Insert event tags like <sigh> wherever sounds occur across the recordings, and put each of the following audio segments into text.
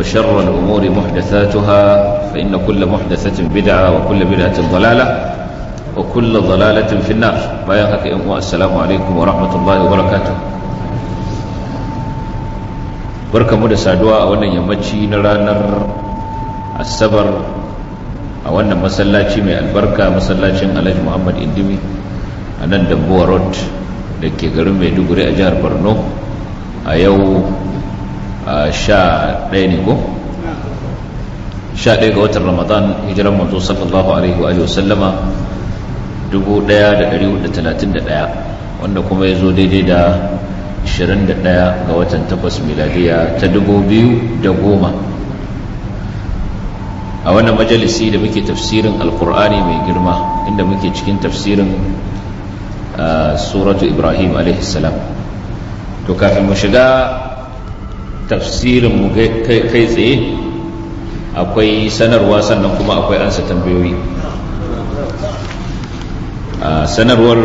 وشر الأمور محدثاتها فإن كل محدثة بدعة وكل بدعة ضلالة وكل ضلالة في النار بايان هكا السلام عليكم ورحمة الله وبركاته barka mu da saduwa a wannan yammaci na ranar asabar a wannan masallaci mai albarka masallacin alhaji muhammad indimi a nan dambuwa road da ke garin maiduguri a jihar borno a yau Ah, sha ɗaya ne ko sha ga watan ramadan hijiran manzo sallallahu alaihi wa sallama 1431 wanda kuma ya zo daidai da 21 ga watan takwas miladiya ta 2010 a wannan majalisi da muke tafsirin alkur'ani mai girma inda muke cikin tafsirin ah, suratu ibrahim salam to kafin mu shiga tafsirin mu kai tsaye akwai sanarwa sannan kuma akwai ansa tambayoyi sanarwar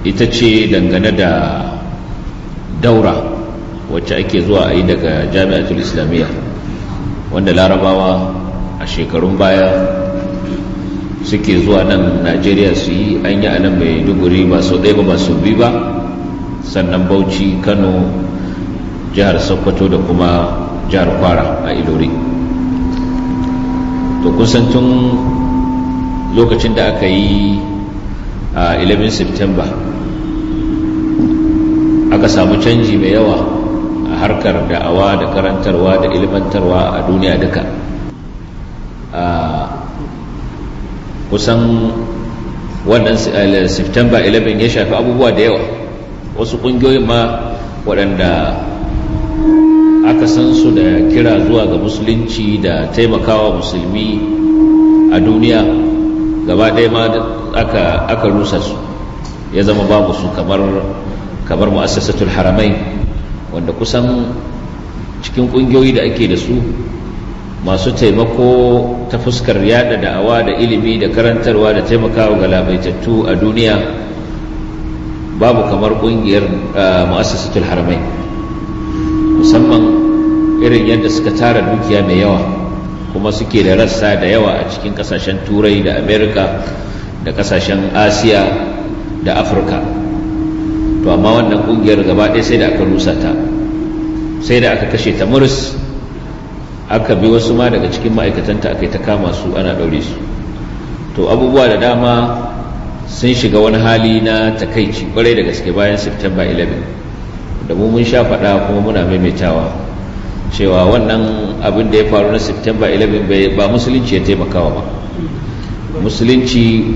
ita ce dangane da daura wacce ake zuwa a yi daga jami'atul islamiyya wanda larabawa a shekarun baya suke zuwa nan najeriya su yi an yi a nan mai duguri ba sau ɗaya ba ba sau biyu ba sannan bauchi kano jihar sokoto da kuma jihar kwara a ilori to kusan tun lokacin da aka yi a 11 september aka samu canji mai yawa a harkar da'awa da karantarwa da ilmantarwa a duniya duka a kusan wannan eh, september 11 ya shafi abubuwa da yawa wasu ƙungiyoyin ma waɗanda aka san su da kira zuwa ga musulunci da taimakawa musulmi a duniya gaba ɗaya ma aka, rusa su ya zama babu su kamar kamar mu'assasatul haramai wanda kusan cikin ƙungiyoyi da ake da su masu taimako ta fuskar yada da'awa da ilimi da karantarwa da taimakawa ga labaitattu a duniya babu kamar ƙungiyar ah, mu'assasatul haramai musamman irin yadda suka tara dukiya mai yawa kuma suke da rassa da yawa a cikin kasashen turai da amerika da kasashen asiya da afirka to amma wannan kungiyar gaba ɗaya sai da aka rusa ta sai da aka kashe ta muris aka bi wasu ma daga cikin ma'aikatanta aka yi ta kama su ana ɗaure su to abubuwa da dama sun shiga wani hali na takaici kwarai da gaske bayan september 11 da mu mun sha faɗa kuma muna maimaitawa cewa wannan abin da ya faru na september 11 ba musulunci ya taimakawa ba musulunci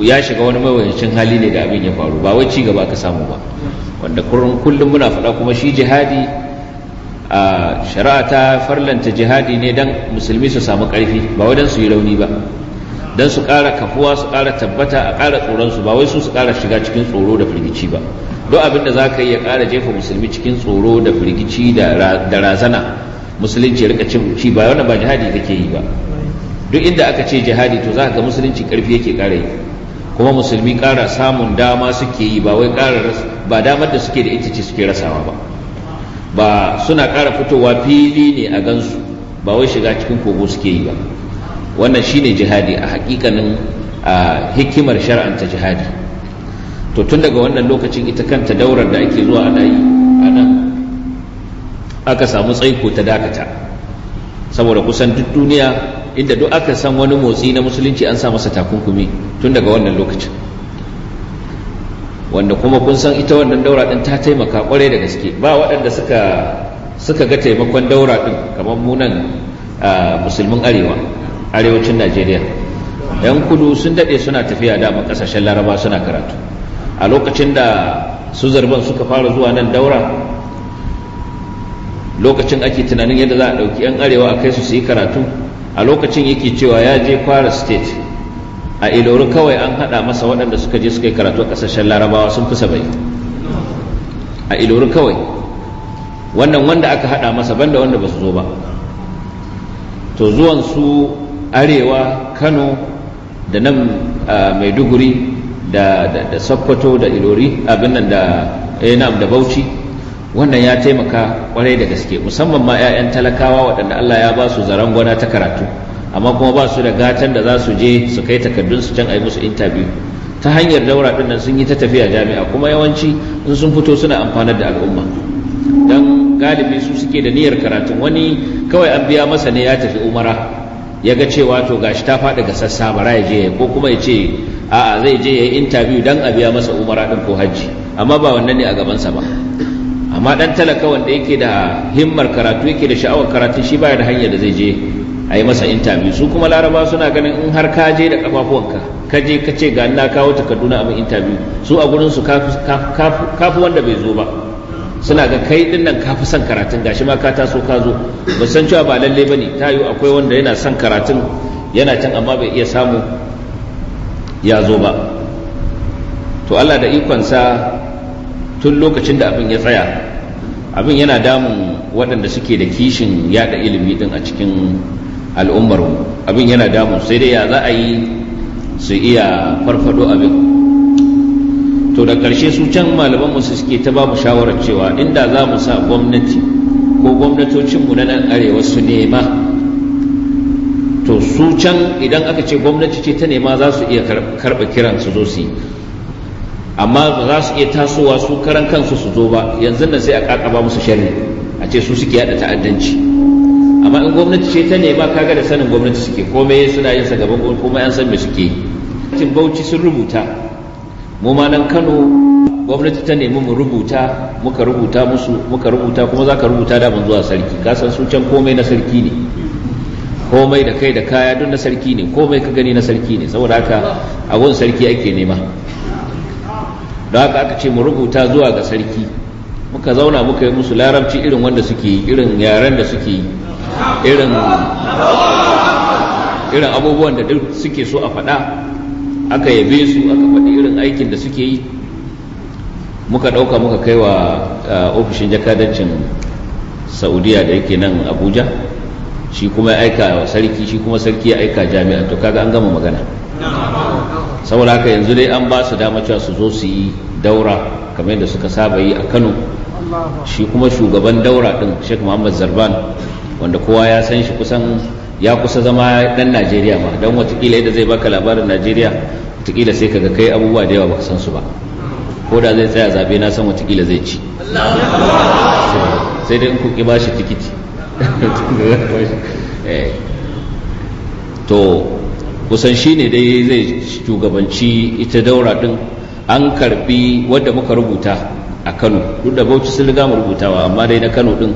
ya shiga wani mawuyacin hali ne da abin ya faru ba wai ci gaba ka samu ba wanda kullum muna faɗa kuma shi jihadi a shari'a ta farlanta jihadi ne don musulmi su samu ƙarfi ba wai don su yi rauni ba don su ƙara kafuwa su ƙara tabbata a ƙara tsoronsu ba wai su su ƙara shiga cikin tsoro da firgici ba duk abin da za ka yi ya ƙara jefa musulmi cikin tsoro da firgici da razana musulunci rika cin ci ba wannan ba jihadi take yi ba duk inda aka ce jihadi to za ka ga musulunci karfi yake ƙara yi kuma musulmi ƙara samun dama suke yi ba wai ƙara ba damar da suke da ita ce suke rasawa ba ba suna ƙara fitowa fili ne a gansu ba wai shiga cikin kogo suke yi ba wannan shine jihadi a hakikanin hikimar shar'anta jihadi to tun daga wannan lokacin ita kanta daurar da ake zuwa ana yi a aka samu tsaiko ta dakata saboda kusan duk duniya inda duk aka san wani motsi na musulunci an sa masa takunkumi tun daga wannan lokacin wanda kuma kun san ita wannan daura din ta taimaka kwarai da gaske ba waɗanda suka suka ga taimakon daura din kamar nan musulmin arewa arewacin najeriya yan kudu sun daɗe suna tafiya dama ƙasashen laraba suna karatu a lokacin da su zarban suka fara zuwa nan daura lokacin ake tunanin yadda za a ɗauki 'yan arewa a kai su su yi karatu a lokacin yake cewa ya je kwara state a ilori kawai an haɗa masa waɗanda suka je suka yi karatu a ƙasashen larabawa sun fi bai. a ilori kawai wannan wanda aka haɗa masa banda wanda ba su zo ba to zuwan su arewa kano da nan ah, maiduguri da da Sokoto da Ilori abin nan da Enam eh, da Bauchi wannan ya taimaka kwarai da gaske musamman ma 'ya'yan talakawa waɗanda Allah ya ba su zaren gwana ta karatu amma kuma ba su da gatan da za su je su kai takardun su can a musu intabiyu ta hanyar daura ɗin nan sun yi ta tafiya jami'a kuma yawanci in sun fito suna amfanar da al'umma don galibi su suke da niyyar karatu wani kawai an biya masa ne ya tafi umara ya ga cewa to gashi ta faɗi ga sassa bara ya je ko kuma ya ce a'a zai je ya yi interview dan a biya masa umara din ko hajji amma ba wannan ne a gabansa ba amma dan talaka wanda yake da himmar karatu yake da sha'awar karatu shi baya da hanyar da zai je a yi masa interview su kuma laraba suna ganin in har ka je da kafafuwanka ka je ka ce ga na kawo takarduna abin interview su a gurin su kafu wanda bai zo ba suna ga kai din nan ka son karatun gashi ma ka taso ka zo ba san cewa ba lalle bane ta akwai wanda yana son karatun yana can amma bai iya samu ya zo ba to Allah da ikonsa tun lokacin da abin ya tsaya abin yana damun waɗanda suke da kishin yada ilimi din a cikin al'ummar mu abin yana damun sai dai ya za a yi su iya farfado abin to da ƙarshe su can malaman mu suke ta babu shawarar cewa inda za mu sa gwamnati ko gwamnatocinmu na nan arewa su nema to su can idan aka ce gwamnati ce ta nema za su iya karba kiran su zo su yi amma ba za su iya tasowa su karan kansu su zo ba yanzu nan sai a kakaba musu shari a ce su suke yada ta'addanci amma in gwamnati ce ta nema kaga da sanin gwamnati suke komai suna yin sa gaban kuma yan san me suke yi bauchi sun rubuta mu ma nan Kano gwamnati ta nemi mu rubuta muka rubuta musu muka rubuta kuma za ka rubuta da mun zuwa sarki ka san su can komai na sarki ne komai da kai da kaya duk na sarki ne komai ka gani na sarki ne saboda haka a sarki ake nema da haka aka ce mu rubuta zuwa ga sarki muka zauna muka yi musu larabci irin wanda suke yi irin yaren da suke yi irin irin abubuwan da duk suke so a faɗa aka yabe su aka faɗi irin aikin da suke yi muka ɗauka muka kai wa eh, ofishin jakadancin saudiya da yake nan abuja shi kuma aika sarki shi kuma sarki ya aika jami'a to kaga an gama magana saboda haka yanzu dai an ba su dama cewa su zo su yi daura kamar yadda suka saba yi a kano shi kuma shugaban daura din sheikh muhammad zarban wanda kowa ya san shi kusan ya kusa zama dan najeriya ma don watakila yadda zai baka labarin najeriya watakila sai kaga kai abubuwa da yawa baka san su ba ko da zai tsaya zabe na san watakila zai ci sai dai in ku ki bashi tikiti <laughs> Eh. to kusan shi ne dai zai shugabanci ita daura din an karbi wadda muka rubuta a kano duk da bauchi sun riga mu rubutawa amma dai na kano din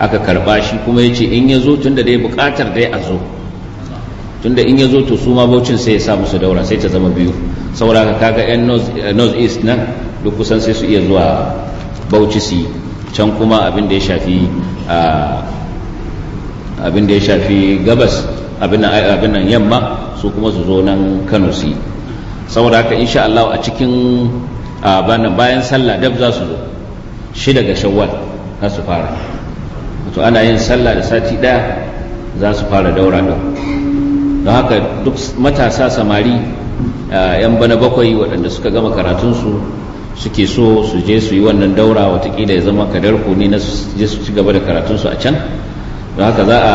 aka karba shi kuma ya ce in ya zo tun da dai bukatar dai a zo da in ya zo to su ma baucin sai ya sa musu daura sai ta zama biyu saboda ka kaga yan eh, north east nan duk kusan sai su iya zuwa bauchi su can kuma abin da ya shafi ah, abin da ya shafi gabas abin nan yamma su kuma su zo nan kano su yi saboda haka insha Allah a cikin bayan sallah dab za su zo shida ga shawwal za su fara to ana yin sallah da sati daya za su fara daura ɗin don haka duk matasa samari 'yan bana bakwai waɗanda suka gama karatunsu suke so su je su yi wannan daura watakila ya zama kadar ne na je su ci gaba da karatunsu a can don haka za a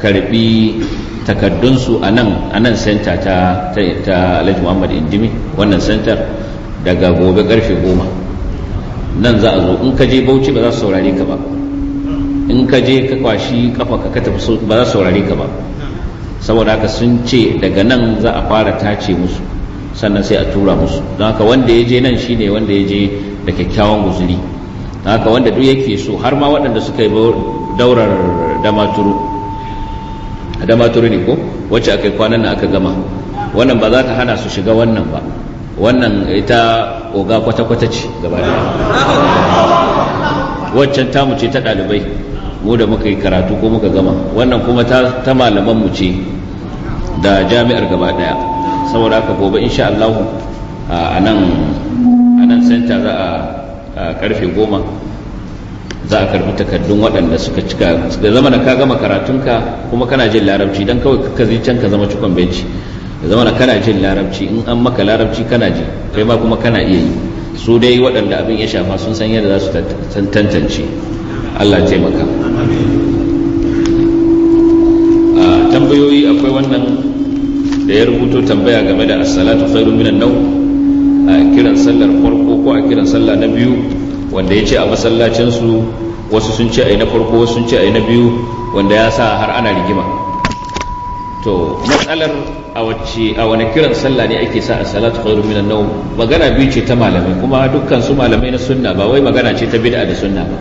karbi takaddunsu a nan a nan senta ta ta Alhaji Muhammad Indimi wannan sentar daga gobe karfe goma nan za a zo in ka je Bauchi ba za su saurare ka ba in ka je ka kwashi kafa ka tafi ba za su saurare ka ba saboda haka sun ce daga nan za a fara tace musu sannan sai a tura musu don haka wanda ya je nan shine wanda ya je da kyakkyawan guzuri haka wanda duk yake so har ma waɗanda suka yi daurar damaturu damaturu ne ko wacce aka yi kwanan nan aka gama wannan ba za ta hana su shiga wannan ba wannan ita oga kwata-kwata ce gaba da waccan tamu ce ta ɗalibai mu da muka yi karatu ko muka gama wannan kuma ta malaman mu ce da jami'ar gaba daya saboda haka gobe insha Allah a nan center za a karfe goma za a karbi takardun waɗanda suka cika da zama da ka gama karatunka kuma kana jin larabci don kawai ka zai can ka zama cikon benci da zama da kana jin larabci in an maka larabci kana ji kai ma kuma kana iya yi su dai waɗanda abin ya shafa sun san yadda za su tantance Allah taimaka a tambayoyi akwai wannan da ya rubuto tambaya game da asalatu salatu minan nau a kiran sallar farko ko a kiran sallah na biyu wanda ya ce a masallacinsu wasu sun ce yi na farko wasu sun ce yi na biyu wanda ya sa har ana rigima to matsalar a wacce a wani kiran sallah ne ake sa a salatu khairu minan nawm magana biyu ce ta malamai kuma dukkan su malamai na sunna ba wai magana ce ta bid'a da sunna ba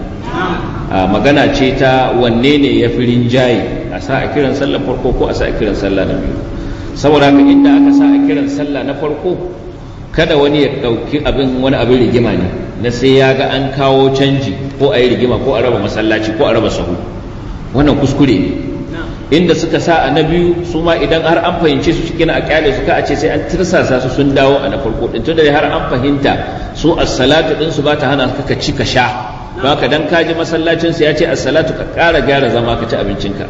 a magana ce ta wanne ne ya fi rinjaye a sa a kiran sallah farko ko a sa a kiran sallah na biyu saboda haka inda aka sa a kiran sallah na farko kada wani ya ɗauki abin wani abin rigima ne na sai ya ga an kawo canji ko a yi rigima ko a raba masallaci ko a raba sahu wannan kuskure ne inda suka sa a na biyu su ma idan har an fahimce su cikin a kyale su ka a ce sai an tirsasa su sun dawo a na farko din tunda har an fahimta su as-salatu din ba ta hana ka ci ka sha ba ka dan ka ji masallacin su ya ce a salatu ka kara gyara zama ka ci abincinka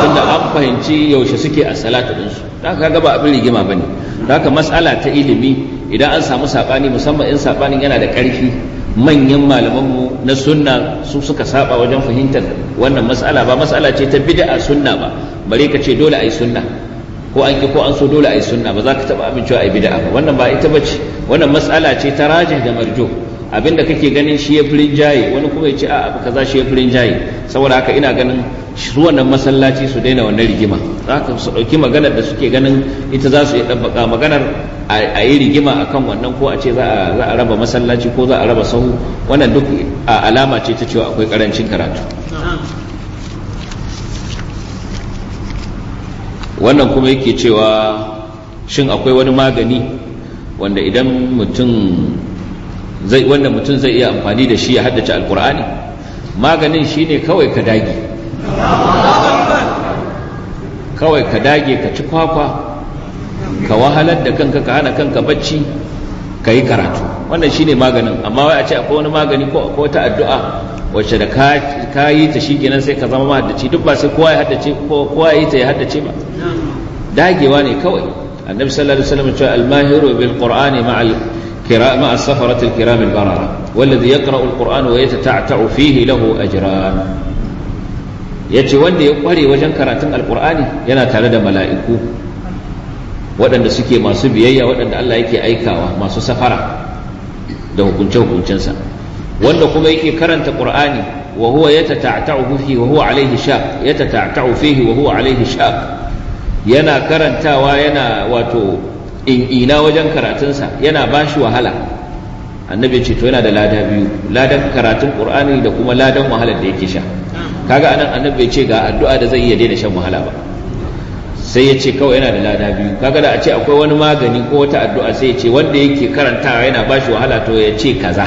tunda an fahimci yaushe suke as-salatu din su ka ga ba abin rigima bane don ka mas'ala ta ilimi idan an samu saɓani musamman in saɓanin yana da ƙarfi manyan malamanmu na sunna su suka saba wajen fahimtar wannan matsala ba matsala ce ta bid'a sunna ba bare ka ce dole a yi sunna ko an ki ko an so dole a yi sunna ba za ka taɓa amincewa a yi bid'a ba wannan ba ita bace wannan matsala ce ta rajih da marjo Abin da kake ganin shi ya firin jaye wani kuma ya ce a abu kaza shi ya firin jaye saboda haka ina ganin su wannan masallaci su daina wannan rigima za ka su ɗauki maganar da suke ganin ita za su yi ɗabbaka maganar a yi rigima a kan wannan ko a ce za a raba masallaci ko za a raba sau, wannan duk alama ce ta cewa akwai ƙarancin karatu wannan kuma yake cewa shin akwai wani magani wanda idan mutum zai wannan mutum zai iya amfani da shi ya haddace alkur'ani maganin shi ne kawai ka dage kawai ka dage ka ci kwakwa ka wahalar da kanka ka hana kanka bacci ka yi karatu wannan shine maganin amma wai a ce akwai wani magani ko akwai wata addu'a wacce da ka yi ta shi kenan sai ka zama haddace duk ba sai kowa ya haddace ko kowa ya yi ta ya haddace ba dagewa ne kawai annabi sallallahu alaihi wasallam cewa al-mahiru bil qur'ani ma'al مع السفرة الكرام البررة والذي يقرأ القرآن ويتتعتع فيه له أجران yace wanda ya kware wajen karatun alkur'ani yana tare da mala'iku waɗanda suke masu biyayya waɗanda Allah yake aikawa masu safara da hukunce-hukuncensa wanda kuma yake karanta qur'ani wa huwa yatata'ta'u fihi wa huwa alayhi shaq yatata'ta'u fihi wa huwa alayhi yana karantawa yana wato in ina wajen karatunsa yana ba shi wahala annabi ce to yana da lada biyu ladan karatun qur'ani da kuma ladan wahalar da yake sha kaga anan annabi ce ga addu'a da zai iya daina shan wahala ba sai ya ce kawai yana da lada biyu kaga da a ce akwai wani magani ko wata addu'a sai ya ce wanda yake karantawa yana ba shi wahala to ya ce kaza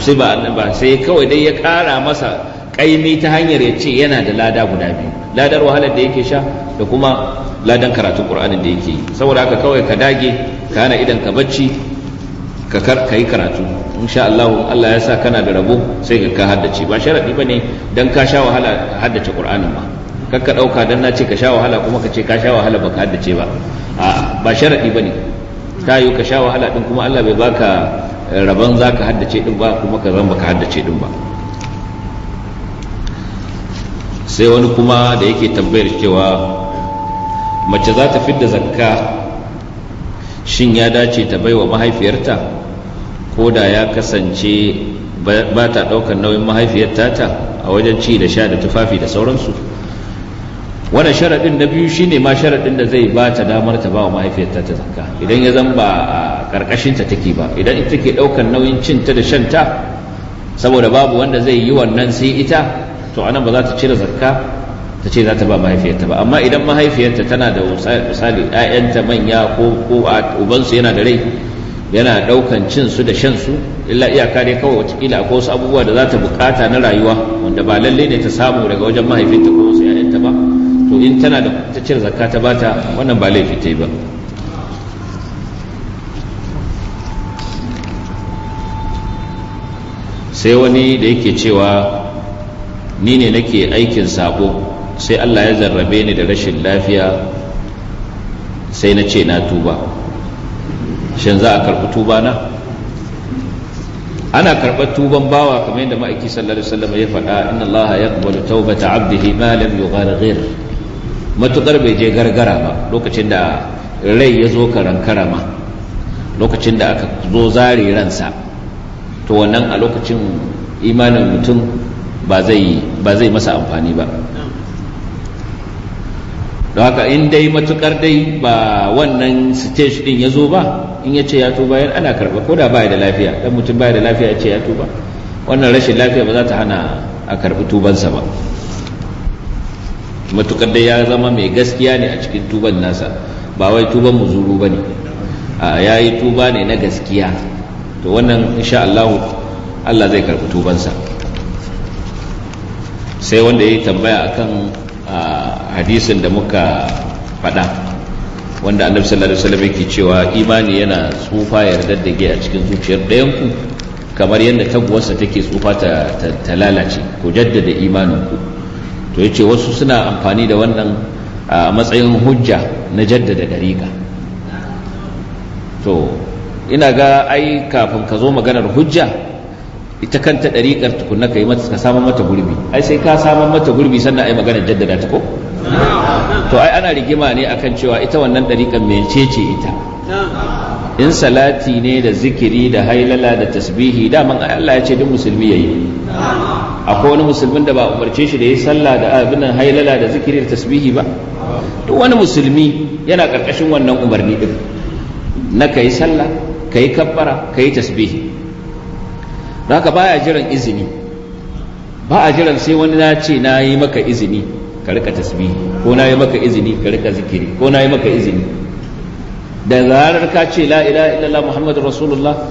sai ba annabi sai kawai dai ya kara masa kaimi ta hanyar ya ce yana da lada guda biyu ladar wahalar da yake sha da kuma ladan karatu qur'anin da yake yi saboda haka kawai ka dage ka hana idan ka bacci ka ka yi karatu insha Allah Allah ya sa kana da rabo sai ka haddace ba sharadi bane dan ka sha wahala haddace Qur'anin ba kar ka dauka dan na ce ka sha wahala kuma ka ce ka sha wahala baka haddace ba a ba sharadi bane ta yi ka sha wahala din kuma Allah bai baka rabon zaka haddace din ba kuma ka zan baka haddace din ba sai wani kuma da yake tambayar cewa mace za ta fidda zakka shin ya dace ta baiwa mahaifiyarta ko da ya kasance ba ta daukar nauyin mahaifiyarta ta a wajen ci da sha da tufafi da sauransu wannan sharaɗin na biyu shine ma sharaɗin da zai ba ta damar ta ba wa mahaifiyarta ta zakka idan ya zan ba a ƙarƙashinta take ba idan ita ke ɗaukar nauyin cinta da shanta saboda babu wanda zai yi wannan sai ita to anan ba za ta cire zakka ta ce za ta ba mahaifiyarta ba amma idan mahaifiyarta tana da misali ‘ya'yanta manya ko ko ubansu yana da rai yana ɗaukan cin su da shan su illa iyaka dai kawai watakila ko wasu abubuwa da za ta bukata na rayuwa wanda ba lalle ne ta samu daga wajen mahaifinta ko wasu ‘ya'yanta ba to in tana da ta cire zakka ta bata wannan ba laifi ta yi ba sai wani da yake cewa ni ne nake aikin sabo sai Allah ya zarrabe ni da rashin lafiya sai na ce na tuba shin za a karɓi tuba na ana karɓar tuban bawa kamar yadda ma'aiki sallallahu alaihi wasallam ya faɗa inna Allah yaqbalu tawbata 'abdihi ma lam yugharghir matukar bai je gargara ba lokacin da rai ya zo karan karama lokacin da aka zo zare ransa to wannan a lokacin imanin mutum ba zai masa amfani ba don haka in dai matukar dai ba wannan stage din ya zo ba in ya ce ya tuba yan ana karba ko da ba da lafiya dan mutum ba da lafiya ya ce ya tuba wannan rashin lafiya ba za ta hana a karbi tubansa ba matukar dai ya zama mai gaskiya ne a cikin tuban nasa ba wai tuban muzuru ba ne ya yi tuba ne na gaskiya to wannan insha Allah Allah zai karbi tubansa sai wanda ya yi tambaya a akan hadisin da muka faɗa wanda annabi sallallahu alaihi wasallam yake cewa imani yana tsufa ya daddage a cikin zuciyar ɗayan ku. kamar yadda taguwarsa take tsufa ta lalace ku jaddada imaninku to yace wasu suna amfani da wannan a matsayin hujja na jaddada dariƙa to ina ga ai kafin ka zo maganar hujja ita kanta ɗariƙar tukunna ka yi mata ka samun mata gurbi ai sai ka samun mata gurbi sannan ai magana jaddada ta ko to ai ana rigima ne akan cewa ita wannan ɗariƙar mecece ita in salati ne da zikiri da hailala da tasbihi daman Allah ya ce duk musulmi ya yi akwai wani musulmin da ba umarce shi da yi sallah da abin hailala da zikiri da tasbihi ba duk wani musulmi yana karkashin wannan umarni din na ka yi sallah ka yi kabbara ka yi tasbihi don haka baya jiran izini ba a jiran sai wani na ce na yi maka izini ka rika tasbihi ko na yi maka izini ka rika zikiri ko na yi maka izini da zarar ka ce la ilaha illallah muhammadur rasulullah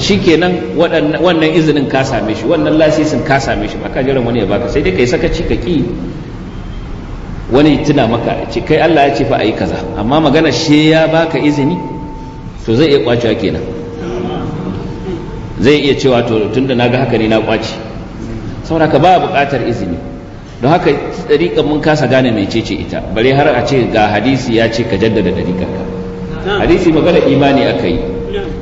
shikenan wannan izinin ka same shi wannan lasisin ka same shi ba ka jiran wani ya baka sai dai kai sakaci ka ki wani tuna maka ce kai Allah ya ce fa ayi kaza amma magana shi ya baka izini to zai iya kwacewa kenan zai iya cewa to tunda na ga haka ne na kwaci saboda ka ba buƙatar izini don haka ɗariƙa mun kasa gane mecece ita bare har a ce ga hadisi ya ce ka jaddada dariƙar ka hadisi magana imani aka yi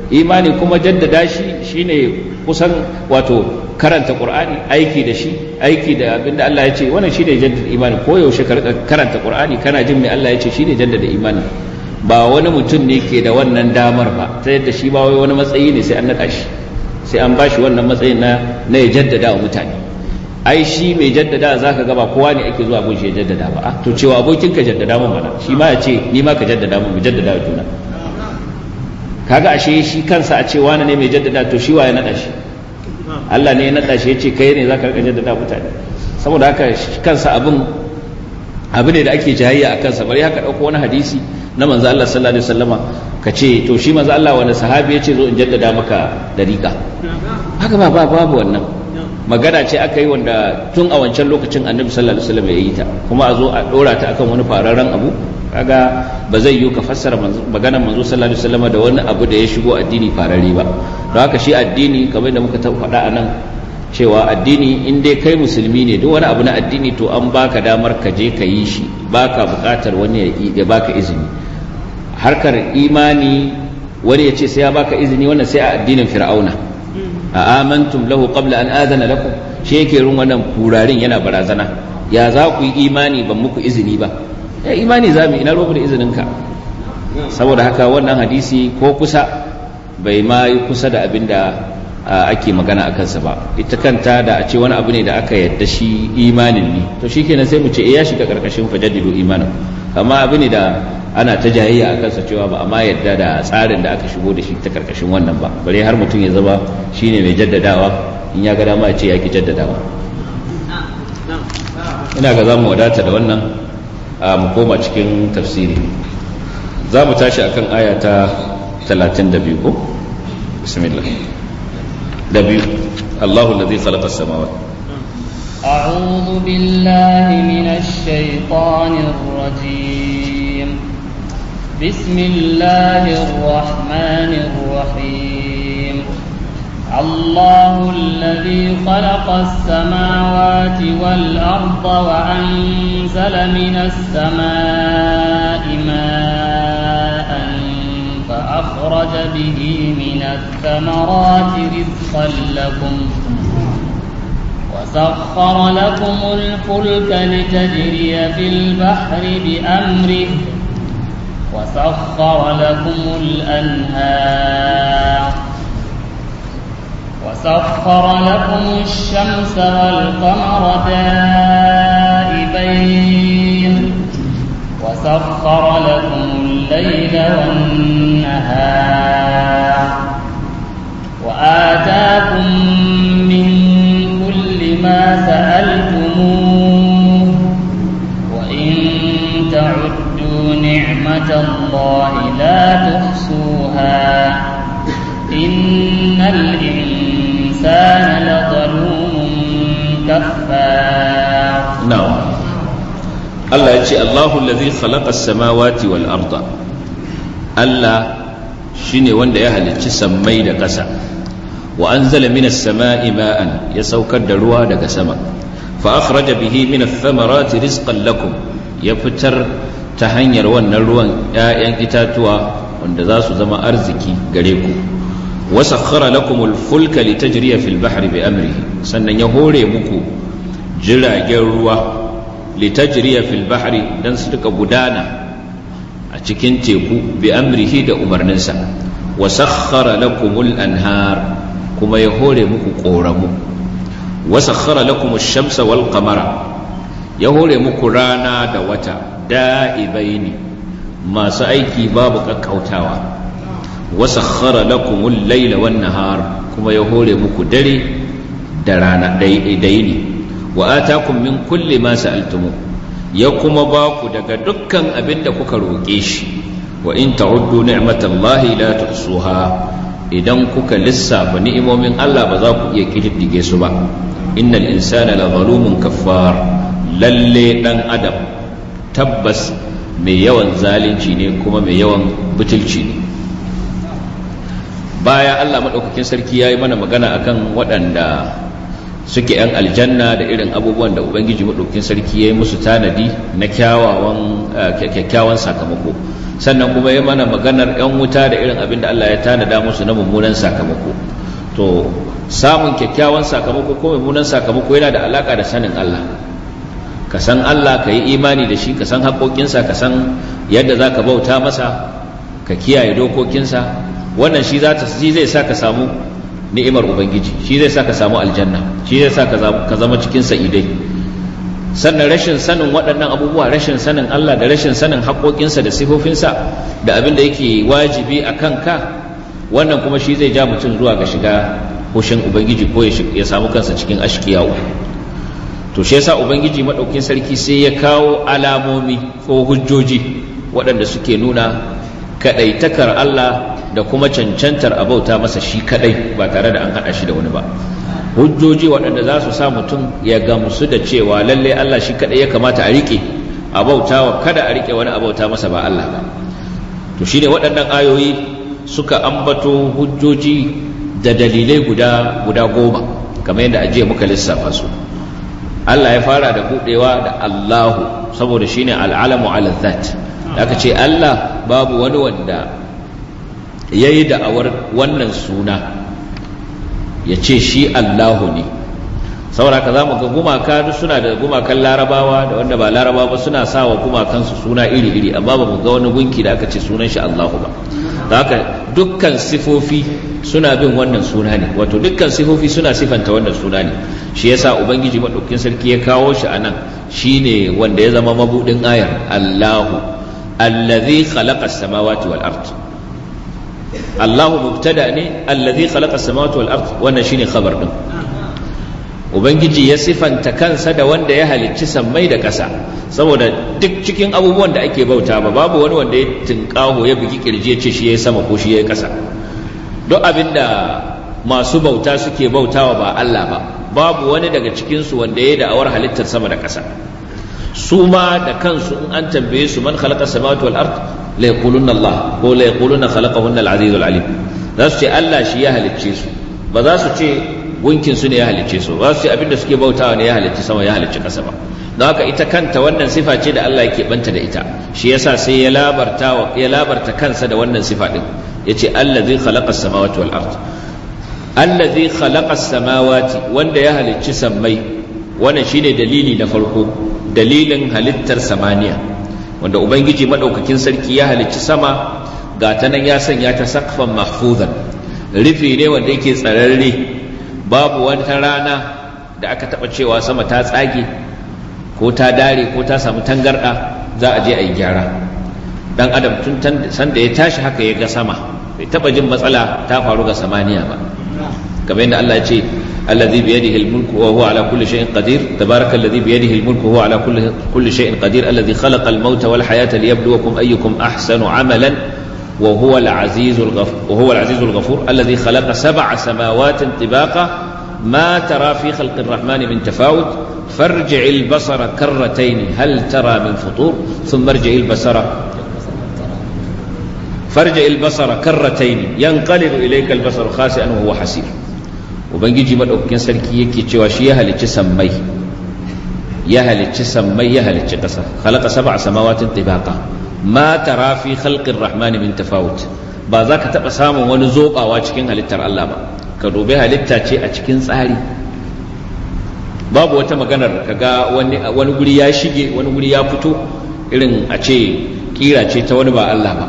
imani kuma jaddada shi shine kusan wato karanta qur'ani aiki da shi aiki da abinda Allah ya ce wannan shine jaddada imani ko yaushe karanta qur'ani kana jin mai Allah ya ce shine jaddada imani ba wani mutum ne ke da wannan damar ba ta yadda shi ba wai wani matsayi ne sai an naɗa shi sai an bashi wannan matsayin na ya jaddada wa mutane ai shi mai jaddada za ka gaba kowa ne ake zuwa gunshi ya jaddada ba ah, to cewa abokin ka jaddada mun bana shi ma ya ce ni ma ka jaddada mun mu jaddada wa juna kaga ashe shi kansa a ce wani ne mai jaddada to shi waye naɗa shi Allah ne ya naɗa shi ya ce kai ne za ka jaddada mutane saboda haka kansa abin abu ne da ake jayayya akan sa bari haka dauko wani hadisi na manzo Allah sallallahu alaihi wasallama ka ce to shi manzo Allah wani sahabi ya ce zo in jaddada maka dariƙa haka ba babu wannan magana ce aka yi wanda tun a wancan lokacin annabi sallallahu alaihi wasallam ya yi ta kuma a zo a dora ta akan wani fararen abu kaga ba zai yiwu ka fassara maganar manzo sallallahu alaihi da wani abu da ya shigo addini farare ba don haka shi addini kamar da muka faɗa a nan cewa addini in dai kai musulmi ne duk wani abu na addini to an baka damar ka je ka yi shi baka bukatar wani ya baka izini harkar imani wani ya ce sai ya baka izini wannan sai a addinin fir'auna a amantum lahu qabla an adana lakum shi yake run wannan kurarin yana barazana ya za ku yi imani ban muku izini ba ya imani za mu ina roƙo da izininka saboda haka wannan hadisi ko kusa bai ma yi kusa da abin da ake magana a kansa ba ita kanta da a ce wani abu ne da aka yadda shi imanin ne to shi kenan sai mu ce eh, ya shiga karkashin fajadidu imanin amma abu ne da ana ta jayayya a kansa cewa ba amma yadda da tsarin da aka shigo da shi ta karkashin wannan ba bare har mutum ya zama shi ne mai jaddadawa in ya ga dama ce ya ki jaddadawa ina ga za mu wadata da wannan mu koma cikin tafsiri za mu tashi akan aya ta 32 ko bismillah نبي الله الذي خلق السماوات أعوذ بالله من الشيطان الرجيم بسم الله الرحمن الرحيم الله الذي خلق السماوات والأرض وأنزل من السماء ماء أخرج به من الثمرات رزقا لكم وسخر لكم الفلك لتجري في البحر بأمره وسخر لكم الأنهار وسخر لكم الشمس والقمر دائبين وسخر لكم الليل والنهار وآتاكم من كل ما سألتموه وإن تعدوا نعمة الله لا تحصوها Allah ya ce Allahu lazi khalaqa samawati wal arda Allah shine wanda ya halicci sammai da ƙasa wa anzala minas sama'i ma'an ya saukar da ruwa daga sama fa akhraja bihi min ath-thamarati rizqan lakum ya fitar ta hanyar wannan ruwan 'ya'yan itatuwa wanda za su zama arziki gare ku wa sakhkhara lakumul fulka litajriya fil bahri bi amrihi sannan ya hore muku jiragen ruwa litajriya fil bahri dan su duka gudana a cikin teku bi amrihi da umarninsa wa sakhkhara lakumul anhar kuma ya hore muku koramu wa sakhkhara lakumush shamsa wal qamara ya hore muku rana da wata da'ibaini masu aiki babu kakkautawa wa sakhkhara lakumul layla wan nahar kuma ya hore muku dare da rana da wa atakum min kulli ma sa'altumu ya kuma ba ku daga dukkan abin da kuka roƙe shi wa in ta'uddu ni'matallahi la tuhsuha idan kuka lissafa ni'imomin Allah ba za ku iya kididdige su ba innal insana la zalumun kaffar lalle dan adam tabbas mai yawan zalunci ne kuma mai yawan butulci ne baya Allah madaukakin sarki yayi mana magana akan waɗanda suke yan aljanna da irin abubuwan da ubangiji maɗaukin sarki ya yi musu tanadi na eh, kyakkyawan sakamako sannan kuma ya mana maganar yan wuta da irin abin da allah ya tanada musu na mummunan sakamako to samun kyakkyawan sakamako ko mummunan sakamako yana da alaka da sanin allah ka san allah ka yi imani da shi ka san haƙoƙinsa ka san yadda za ka bauta masa ka kiyaye dokokinsa wannan shi zai sa ka samu ni'imar ubangiji shi zai sa ka samu aljanna shi zai sa ka zama cikin sa'idai sannan rashin sanin waɗannan abubuwa rashin sanin Allah da rashin sanin haƙoƙinsa da sifofinsa da abin da yake wajibi a kanka wannan kuma shi zai ja mutum zuwa ga shiga hushin ubangiji ko ya samu kansa cikin ashkiyawa to shi yasa ubangiji maɗaukin sarki sai ya kawo alamomi ko hujjoji waɗanda suke nuna kaɗaitakar Allah da kuma cancantar abauta masa shi kadai ba tare da an hada shi da wani ba hujjoji waɗanda za su sa mutum ya gamsu da cewa lalle Allah shi kadai ya kamata a rike abautawa kada a rike wani abauta masa ba Allah ba to shine waɗannan ayoyi suka ambato hujjoji da dalilai guda guda goma kamar yadda ajiye muka lissafa su Allah ya fara da budewa da Allahu saboda shine al'alamu ala dhat aka ce Allah babu wani wanda ya yi da'awar wannan suna ya ce shi allahu ne saboda ka za mu ga gumaka suna da gumakan larabawa da wanda ba larabawa ba suna sa wa gumakansu suna iri-iri amma ba mu ga wani gunki da aka ce sunan shi allahu ba haka dukkan sifofi suna bin wannan suna ne wato dukkan sifofi suna sifanta wannan suna ne shi yasa ubangiji maɗaukin sarki ya kawo shi a nan ne wanda ya zama mabuɗin ayar allahu allazi khalaqa samawati wal ardh Allahu مبتدا ne الذي خلق السماوات والارض وانا wannan shine دم din ubangiji ya sifanta kansa da wanda ya halicci sammai da ƙasa saboda duk cikin abubuwan da ake bauta ba babu wani wanda ya tinkaho ya bugi kirje ce shi ya sama ko shi ya ƙasa duk abin da masu bauta suke bautawa ba Allah ba babu wani daga cikinsu wanda ya awar halittar sama da ƙasa su ma da kansu in an tambaye su man khalaqa samawati wal ard la yaquluna Allah ko la yaquluna khalaqahunna al azizul alim za su ce Allah shi ya halicce su ba za su ce gunkin su ne ya halicce su ba su ce abinda suke bautawa ne ya halicce sama ya halicce kasa ba don haka ita kanta wannan sifa ce da Allah yake banta da ita shi yasa sai ya labarta ya labarta kansa da wannan sifa din yace allazi khalaqa as-samawati wal ard allazi khalaqa as-samawati wanda ya halicci sammai wannan shine dalili na farko dalilin halittar samaniya wanda ubangiji madaukakin sarki ya halicci sama ga ta nan ya sanya ta sakfan mahfuzan rufi ne wanda yake tsararre babu wata rana da aka taɓa cewa sama ta tsage ko ta dare ko ta samu tangarɗa za a je a yi gyara dan adam tun sanda ya tashi haka ya ga sama bai taɓa jin matsala ta faru ga samaniya ba كما ان الله يجي الذي بيده الملك وهو على كل شيء قدير تبارك الذي بيده الملك وهو على كل كل شيء قدير الذي خلق الموت والحياه ليبلوكم ايكم احسن عملا وهو العزيز الغفور وهو العزيز الغفور الذي خلق سبع سماوات طباقا ما ترى في خلق الرحمن من تفاوت فارجع البصر كرتين هل ترى من فطور ثم ارجع البصر فارجع البصر كرتين ينقلب اليك البصر خاسئا وهو حسير ubangiji maɗaukakin sarki yake cewa shi ya halicci sammai ya halicci sammai ya halicci ƙasa khalaqa sab'a samawatin tibaqa ma tara fi khalqir rahmani min tafawut ba za ka taɓa samun wani zobawa cikin halittar Allah ba ka dubi halitta ce a cikin tsari babu wata maganar kaga wani wani guri ya shige wani guri ya fito irin a ce kira ce ta wani ba Allah ba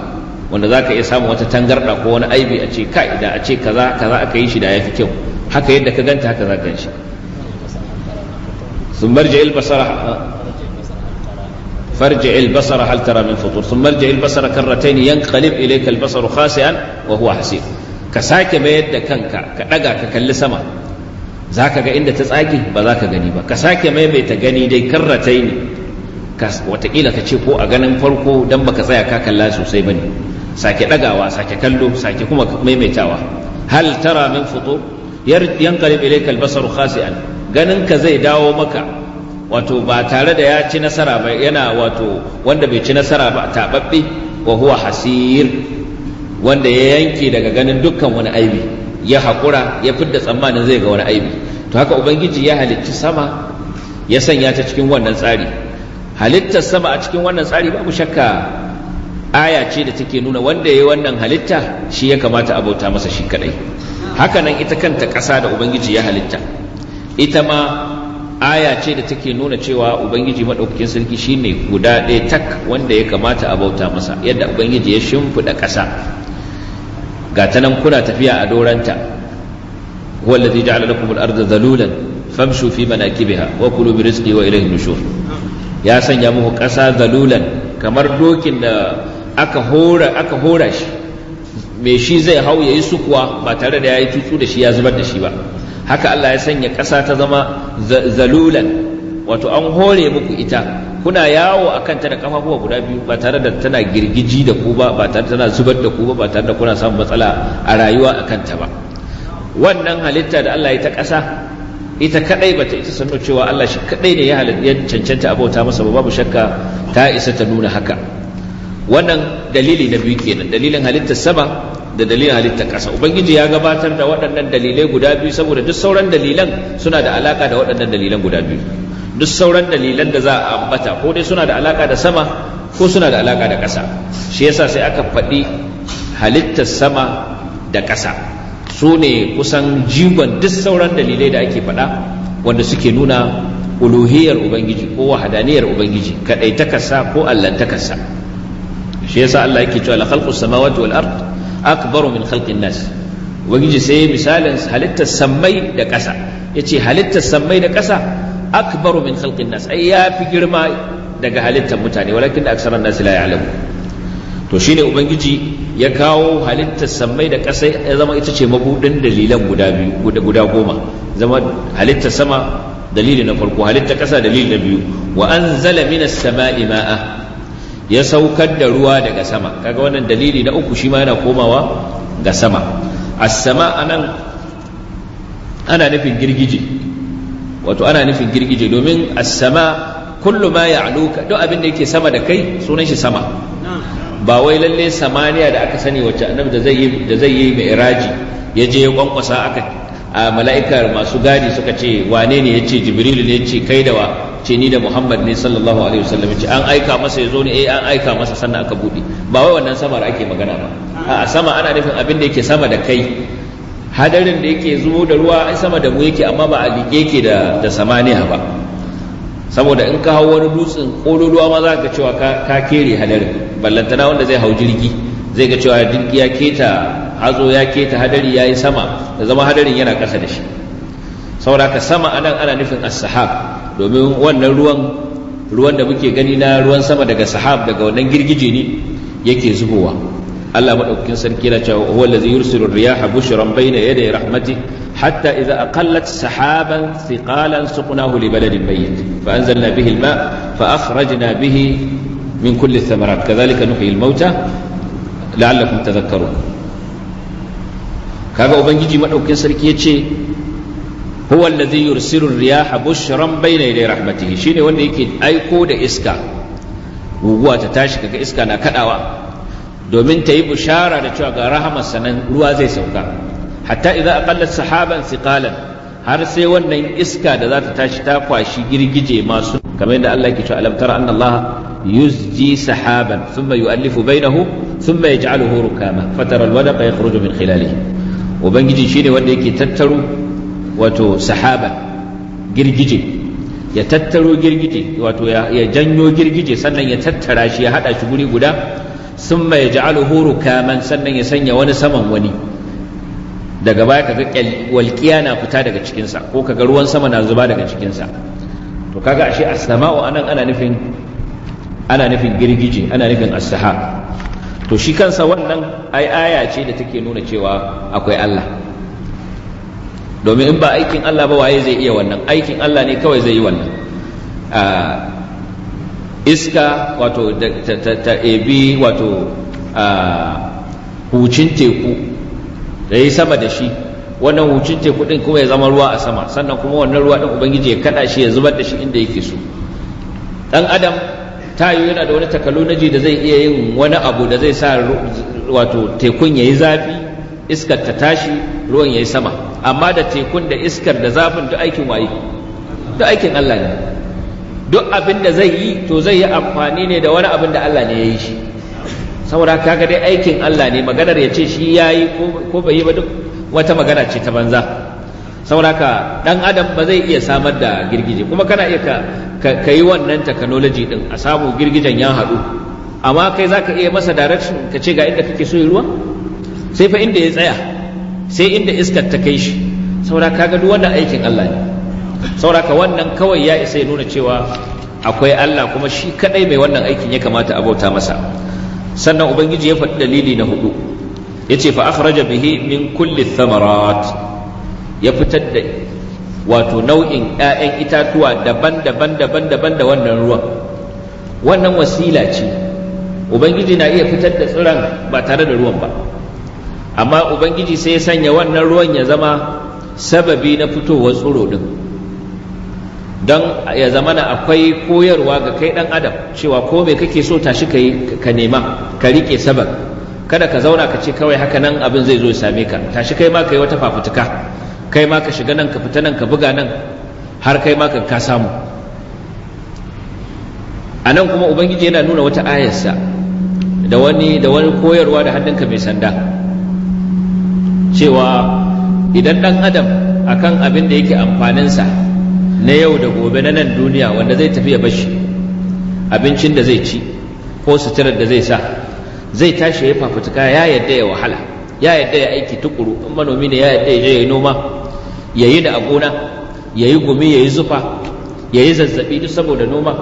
wanda za ka iya samun wata tangarɗa ko wani aibi a ce kai da a ce kaza kaza aka yi shi da ya fi kyau haka yadda ka ganta haka za ka shi sun marja ilbasara farja ilbasara hal tara min futur sun marja ilbasara karratain yanqalib ilayka albasaru khasi'an wa huwa hasir ka sake mayar da kanka ka daga ka kalli sama za ka ga inda ta tsage ba za ka gani ba ka sake maimaita gani dai karratai ne watakila ka ce ko a ganin farko don baka tsaya ka kalla sosai ba ne sake dagawa sake kallo sake kuma maimaitawa hal tara min fito yanqalib ilayka al khasi'an ganin ka zai dawo maka wato ba tare da ya ci nasara ba yana wato wanda bai ci nasara ba tababbe wa huwa hasir wanda ya yanke daga ganin dukkan wani aibi ya haƙura ya fidda tsammanin zai ga wani aibi to haka ubangiji ya halicci sama ya sanya ta cikin wannan tsari halittar sama a cikin wannan tsari babu shakka aya ce da take nuna wanda ya yi wannan halitta shi ya kamata a bauta masa shi kadai hakanan ita kanta ƙasa da ubangiji ya halitta ita ma aya ce da take nuna cewa ubangiji maɗaukakin sarki shine guda ɗaya tak wanda ya kamata a bauta masa yadda ubangiji ya shimfiɗa ƙasa ga ta nan kuna tafiya a doranta wanda zai ja'ala lakum al-ardha dhalulan famshu fi manakibiha wa kulu bi rizqi wa ilayhi nushur ya sanya muku ƙasa zalulan kamar dokin da aka hora aka hora shi me shi zai hau ya yi sukuwa ba tare da ya yi tutsu da shi ya zubar da shi ba haka Allah ya sanya ƙasa ta zama zalulan wato an hore muku ita kuna yawo a kanta da kafafuwa guda biyu ba tare da tana girgiji da ku ba ba tare tana zubar da ku ba ba tare da kuna samun matsala a rayuwa a kanta ba wannan halitta da Allah ya ta ƙasa ita kadai bata isa sanar cewa Allah shi kadai ne ya halitta cancanta abota masa ba babu shakka ta isa ta nuna haka wannan dalili na biyu kenan dalilin halittar sama da dalilin halittar ƙasa ubangiji ya gabatar da waɗannan dalilai guda biyu saboda duk sauran dalilan suna da alaka da waɗannan dalilan guda biyu duk sauran dalilan da za a ambata ko dai suna da alaka da sama ko suna da alaka da ƙasa shi yasa sai aka faɗi halittar sama da ƙasa su ne kusan jigon duk sauran dalilai da ake faɗa wanda suke nuna uluhiyar ubangiji ko wahadaniyar ubangiji kaɗaitakarsa ko allantakarsa shi yasa Allah yake cewa la khalqu samawati wal ard akbaru min khalqin nas ubangiji sai misalin halittar sammai da ƙasa yace halittar sammai da ƙasa akbaru min khalqin nas ai ya fi girma daga halittar mutane walakin da aksaran nas la ya'lamu to shine ubangiji ya kawo halittar sammai da ƙasa ya zama ita ce mabudin dalilan guda biyu guda goma zama halittar sama dalili na farko halittar ƙasa dalili na biyu wa anzala minas sama'i ma'a ya saukar da ruwa daga sama kaga wannan dalili na uku shi ma yana komawa ga sama as-sama anan ana nufin girgije wato ana nufin girgije domin as-sama kullu ma ya'luka duk abin da yake sama da kai sunan shi sama ba wai lalle samaniya da aka sani wacce annabi da zai yi da zai yi iraji ya je ya kwankwasa aka a mala'ikar masu gadi suka ce wane ne ya ce jibrilu ne ya ce kai da wa ce ni da Muhammad ne sallallahu alaihi wasallam ce an aika masa ya zo ne eh an aika masa sannan aka bude ba wai wannan samar ake magana ba a sama ana nufin abin da yake sama da kai hadarin da yake zuwa da ruwa ai sama da mu yake amma ba a liƙe yake da da samaniya ba saboda in ka hau wani dutsen ruwa ma za ka cewa ka kere hadarin ballantana wanda zai hau jirgi zai ga cewa jirgi ya keta hazo ya keta hadari ya yi sama da zama hadarin yana ƙasa da shi saboda sama anan ana nufin as-sahab domin wannan ruwan ruwan da muke gani na ruwan sama daga sahab daga wannan girgije ne yake zubowa Allah madaukakin sarki yana cewa huwa allazi yursilu riyaha bushran bayna yaday rahmati hatta idza aqallat sahaban thiqalan suqnahu li baladin mayyit fa anzalna bihi al-ma fa akhrajna bihi min kulli thamarat kadhalika nuhyi al-mauta la'allakum tadhakkarun kaga ubangiji madaukakin sarki yace huwa allazi yursilu riyaha ya bayna yaday rahmatihi shine wanda yake aiko da iska guguwa ta tashi kaga iska na kadawa domin ta yi bushara da cewa ga rahamar sanan ruwa zai sauka hatta idza aqallat sahaban siqalan har sai wannan iska da za ta tashi ta kwashi girgije masu kamar yadda Allah yake cewa alam tara anna Allah yusji sahaban thumma yu'allifu bainahu thumma yaj'aluhu rukama fatara alwadaqa yakhruju min khilalihi ubangiji shine wanda yake tattaru. wato sahaba girgije ya tattaro girgije wato ya janyo girgije sannan ya tattara shi ya haɗa shi guri guda sun mai horo rukaman sannan ya sanya wani saman wani daga baya kaga walƙiya na fita daga cikinsa ko kaga ruwan sama na zuba daga cikinsa to kaga ashe as-sama'u anan ana nufin ana nufin girgije ana nufin as to shi kansa wannan ai aya ce da take nuna cewa akwai Allah domin in ba aikin Allah ba waye zai iya wannan aikin Allah ne kawai zai yi wannan iska wato ta ebi wato hucin teku da yi sama da shi wannan hucin teku din kuma ya zama ruwa a sama sannan kuma wannan ruwa din ubangiji ya kada shi ya zubar da shi inda yake so dan adam ta yi yana da wani takalonaji da zai iya yin wani abu da zai sa wato tekun ya yi zafi iskar ta tashi ruwan ya yi sama amma da tekun da iskar da zafin da aikin waye da aikin Allah ne duk abin da zai yi to zai yi amfani ne da wani abin da Allah ne ya yi shi saboda kaga dai aikin Allah ne maganar ya ce shi ya yi ko bai yi ba duk wata magana ce ta banza saboda ka dan adam ba zai iya samar da girgije kuma kana iya ka yi wannan technology din a samu girgijen ya haɗu amma kai zaka iya masa direction ka ce ga inda kake so ruwa sai fa inda ya tsaya sai inda iskar ta kai shi saura ka wannan aikin Allah ne saura ka wannan kawai ya isa ya nuna cewa akwai Allah kuma shi kadai mai wannan aikin ya kamata a bauta masa sannan ubangiji ya faɗi dalili na hudu ya ce fa akhraja bihi min kulli thamarat ya fitar da wato nau'in 'ya'yan itatuwa daban-daban daban-daban da wannan ruwan wannan wasila ce ubangiji na iya fitar da tsiran ba tare da ruwan ba amma ubangiji sai ya sanya wannan ruwan ya zama sababi na fitowar tsuro din don ya zama na akwai koyarwa ga kai dan adam cewa ko mai kake so tashi ka ka nema ka rike sabab kada ka zauna ka ce kawai haka nan abin zai zo ya same ka tashi kai ma yi wata fafutuka kai ma ka shiga nan ka fita nan ka buga nan har kai ma ka samu a nan kuma ubangiji yana nuna wata ayarsa da wani da wani koyarwa da hannunka mai sanda cewa idan ɗan adam akan abin da yake amfaninsa na yau da gobe na nan duniya wanda zai tafi ya bashi abincin da zai ci ko suturar da zai sa zai tashi ya fafutuka ya yadda ya wahala ya yadda ya aiki tukuru in manomi ne ya yadda ya je ya yi noma ya yi da a gona ya yi gumi ya yi zufa ya yi zazzabi duk saboda noma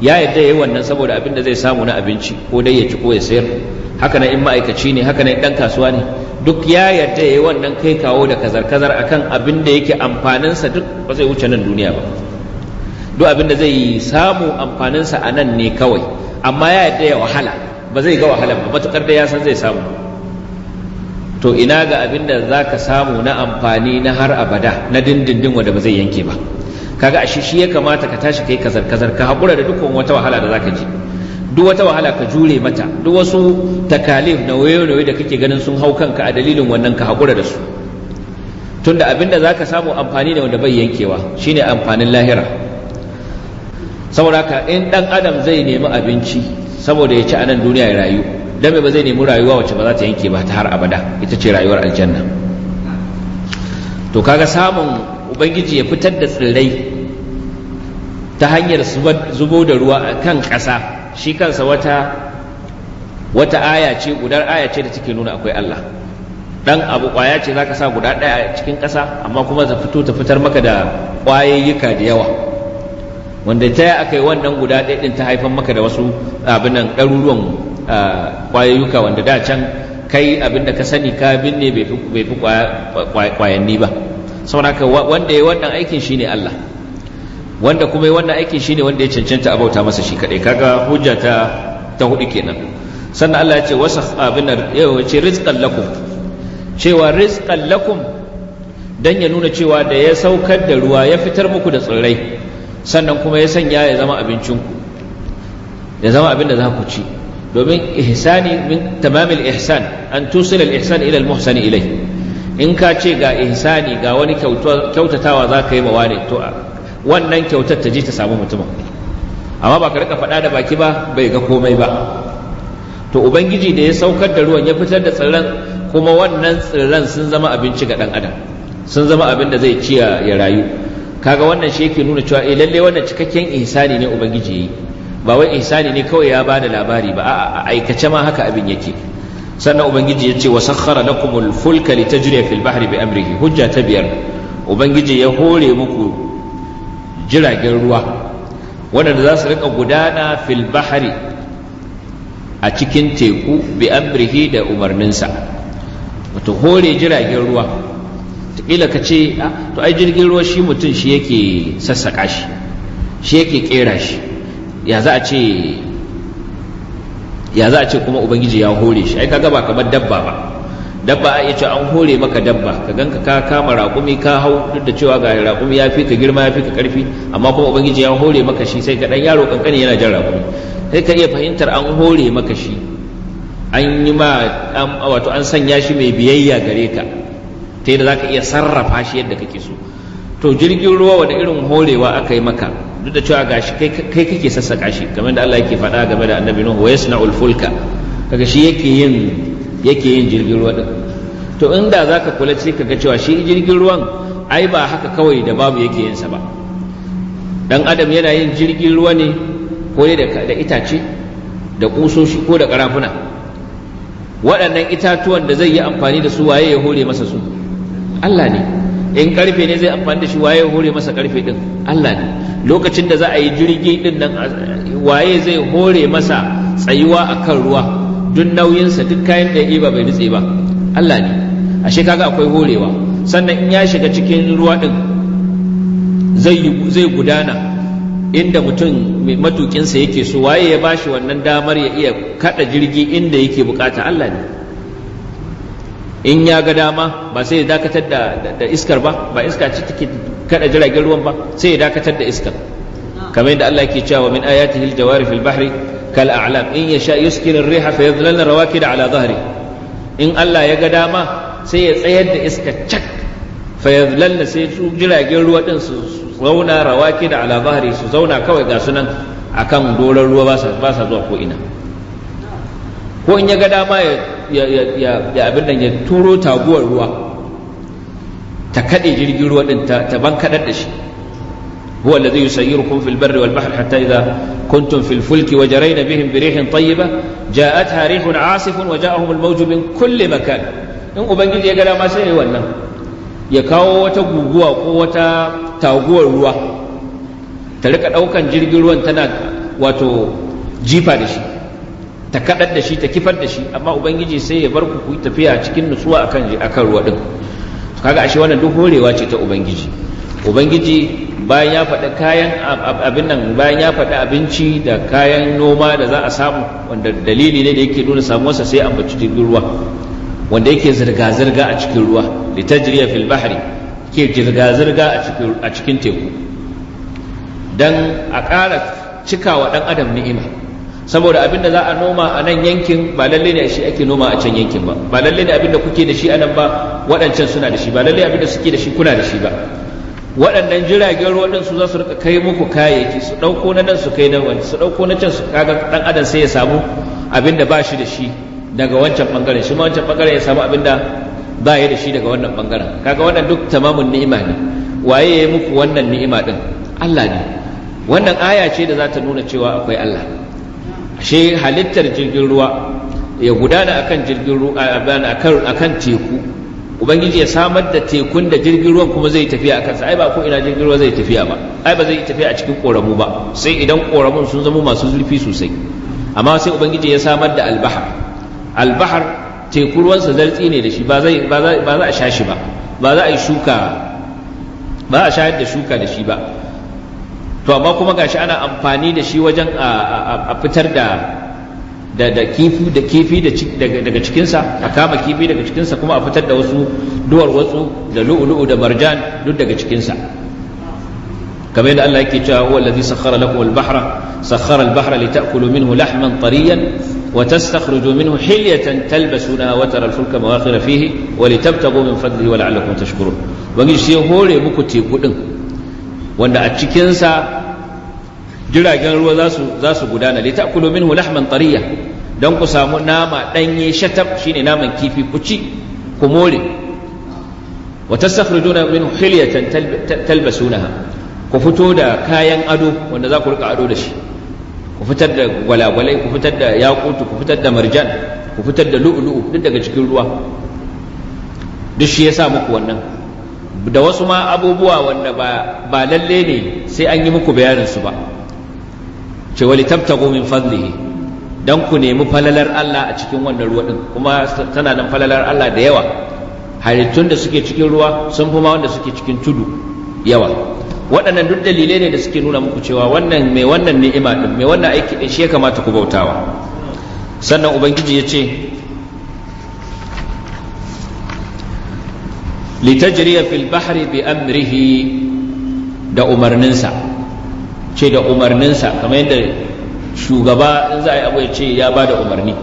ya yadda ya yi wannan saboda abin da zai samu na abinci ko dai ya ci ko ya sayar haka nan in ma'aikaci ne haka nan ɗan kasuwa ne duk ya yarda ya yi wannan kai kawo da kazar-kazar a kan abin da yake amfaninsa duk ba zai wuce nan duniya ba duk abin da zai samu amfaninsa a nan ne kawai amma ya yarda ya wahala ba zai ga wahala ba matukar da ya san zai samu to ina ga abin da za ka samu na amfani na har abada na dindindin wanda ba zai yanke ba kaga ashe shi ya kamata ka tashi kai kazar-kazar ka haƙura da dukkan wata wahala da za ka je. duk wata wahala ka jure mata duk wasu takalif na wayo da kake ganin sun hau kanka a dalilin wannan ka haƙura da su tunda abinda za ka samu amfani ne wanda bai yankewa shine amfanin lahira saboda ka in ɗan adam zai nemi abinci saboda ya ci a nan duniya ya rayu dan ba zai nemi rayuwa wacce ba za ta yanke ba ta har abada ita ce rayuwar aljanna to kaga samun ubangiji ya fitar da tsirrai ta hanyar zubo da ruwa a kan ƙasa shi kansa wata wata aya ce gudar aya ce da take nuna akwai Allah dan abu kwaya ce zaka sa guda ɗaya a cikin kasa amma kuma ta fito ta fitar maka da kwayayyuka da yawa wanda ta yi aka yi wannan guda ɗaya ɗin ta haifar maka da wasu abin nan ɗaruruwan kwayayyuka wanda da can kai abin da ka sani ka binne bai fi kwayanni ba saboda wanda ya wannan aikin shine Allah wanda kuma yi wannan aikin shine wanda ya cancanta bauta masa shi kaɗai, kaga hujja ta ta hudu kenan sannan Allah ya ce wasa abin da eh, ya ce rizqan lakum cewa rizqan lakum dan ya nuna cewa da ya saukar da ruwa ya fitar muku da tsirrai sannan kuma ya sanya ya zama ku ya zama abin da za ku ci domin ihsani min tamamil ihsan an tusila al ihsan ila al ilai in ka ce ga ihsani ga wani kyautatawa za ka yi ma wane to wannan kyautar ta je ta samu mutumin amma ba ka rika faɗa da baki ba bai ga komai ba to ubangiji da ya saukar da ruwan ya fitar da tsirran kuma wannan tsirran sun zama abinci ga ɗan adam sun zama abin da zai ciya ya rayu kaga wannan shi yake nuna cewa eh lalle wannan cikakken ihsani ne ubangiji yi. ba wai ihsani ne kawai ya bada labari ba a'a a aikace ma haka abin yake sannan ubangiji ya ce wa sakhara lakumul fulka litajriya fil bahri bi amrihi hujja ta biyar ubangiji ya hore muku jiragen ruwa waɗanda za su rika gudana fil bahari a cikin teku bi amrihi da umarninsa wato hore jiragen ruwa taƙila ka ce ah, to ai jirgin ruwa shi mutum shi yake sassaƙa shi shi yake ƙera shi ya za a ce ya za a ce kuma ubangiji ya hore shi ai kaga ba kamar dabba ba dabba a iya an hore maka dabba ka ganka ka kama raƙumi ka hau duk da cewa ga raƙumi ya fi ka girma ya fi ka ƙarfi amma kuma ubangiji ya hore maka shi sai ka ɗan yaro kankani yana jan raƙumi sai ka iya fahimtar an hore maka shi an yi ma wato an sanya shi mai biyayya gare ka ta yadda za ka iya sarrafa shi yadda kake so to jirgin ruwa wani irin horewa aka yi maka duk da cewa gashi kai kake sassaƙa shi kamar da Allah yake faɗa game da annabi Nuhu wa yasna'ul fulka kaga shi yake yin yake yin jirgin ruwa din to inda ka kula sai kaga cewa shi jirgin ruwan ai ba haka kawai da babu yake yin sa ba dan adam yana yin jirgin ruwa ne ko da itace da kusoshi ko da karafuna waɗannan itatuwan da zai yi amfani da su waye ya hore masa su Allah ne in karfe ne zai amfani da shi waye hore masa karfe din Allah ne lokacin da za a yi jirgi din nan waye zai hore masa tsayuwa akan ruwa duk nauyinsa duk kayan da ya ba bai nutse ba Allah ne ashe kaga akwai horewa sannan in ya shiga cikin ruwa din zai gudana inda mutum matukinsa yake so waye ya bashi wannan damar ya iya kada jirgi inda yake bukata Allah ne in ya ga dama ba sai ya dakatar da iskar ba ba iska ce take kada jiragen ruwan ba sai ya dakatar da iskar kamar yadda Allah yake cewa min ayatihi al-jawari fil bahri kal'alam in ya sha yuskin riha fa yadhlalna rawakid ala dhahri in Allah ya ga dama sai ya tsayar da iska cak fa yadhlalna sai su jiragen ruwa din su zauna rawakid ala dhahri su zauna kawai ga sunan akan doron ruwa ba sa ba sa zuwa ko'ina. ko in ya ga dama ya ya abin nan ya turo taguwar ruwa ta kaɗe jirgin ruwa ɗin ta ban kaɗar da shi هو الذي يسيركم في البر والبحر حتى إذا كنتم في الفلك وجرينا بهم بريح طيبة جاءتها ريح عاصف وجاءهم الموج من كل مكان إن أبنجد يقال ما سيئ ولا يكاو وتقوى قوة تقوى الروا تلك أوكا جرق الروا تنا واتو جيفا لشي تكدد لشي تكفر لشي أما أبنجد سيئ بركو كوي تفيا تكين نسوا أكان أكار ودن kaga ashe wannan duk horewa ce ta ubangiji ubangiji bayan ya faɗi kayan abin nan bayan ya faɗi abinci da kayan noma da za a samu wanda dalili ne da yake nuna samuwarsa sai ambaci jirgin ruwa wanda yake zirga-zirga a cikin ruwa litajriya fil bahri ke zirga-zirga a cikin teku dan a ƙara cika wa ɗan adam ni'ima saboda abin da za a noma a nan yankin ba lalle ne shi ake noma a can yankin ba ba lalle ne abin da kuke da shi a nan ba waɗancan suna da shi ba lalle abin da suke da shi kuna da shi ba waɗannan jiragen ruwa ɗin su za su rika kai muku kayayyaki su ɗauko na nan su kai na wani su ɗauko na can su kaga ɗan adam sai ya samu abin da ba shi da shi daga wancan ɓangaren shi ma wancan ɓangaren ya samu abin da ba ya da shi daga wannan ɓangaren kaga wannan duk tamamun ni'ima ne waye ya yi muku wannan ni'ima ɗin Allah ne wannan aya ce da za ta nuna cewa akwai Allah shi halittar jirgin ruwa ya gudana akan jirgin ruwa akan teku ubangiji ya samar da tekun da jirgin ruwan kuma zai tafiya a kansa ai ba ko ina jirgin ruwa zai tafiya ba ai ba zai tafiya a cikin koramu ba sai idan koramun sun zama masu zurfi sosai amma sai ubangiji ya samar da albahar albahar teku ruwansa zartsi ne da shi ba ba za a sha shi ba ba za a yi shuka ba a shayar da shuka da shi ba to amma kuma gashi ana amfani da shi wajen a fitar da da da kifi da kifi daga cikinsa a kama kifi daga cikinsa kuma a fitar da wasu duwar wasu da lu'ulu'u da marjan duk daga cikinsa kamar yadda Allah yake cewa huwa allazi sakhkhara lakum al-bahra sakhkhara al-bahra litakulu minhu lahman tariyan wa tastakhruju minhu hilyatan talbasuna wa tara al-fulka mawakhira fihi wa litabtaghu min fadlihi wa la'allakum tashkurun wani shi hore muku teku din wanda a cikinsa jiragen ruwa za su gudana litakulu minhu lahman tariyan don ku samu nama ɗanye shatab shine naman kifi ku ci ku more wa tastakhrijuna min hilyatan talbasunaha ku fito da kayan ado wanda za ku rika ado da shi ku fitar da gwalagwalai ku fitar da yakutu ku fitar da marjan ku fitar da lu'lu'u duk daga cikin ruwa duk shi ya sa muku wannan da wasu ma abubuwa wanda ba lalle ne sai an yi muku bayanin su ba ce wali tabtago min fadlihi dan ku nemi falalar Allah a cikin wannan ruwa din kuma tana nan falalar Allah da yawa halittun da suke cikin ruwa sun fi ma wanda suke cikin tudu yawa waɗannan duk dalilai ne da suke nuna muku cewa wannan mai wannan ni'ima ɗin, mai wannan aiki din shi ya kamata ku bautawa sannan ubangiji ya ce litajriya fil bahri bi amrihi da umarninsa ce da umarninsa kamar yadda shugaba in za a yi abu ya ce ya ba da umarni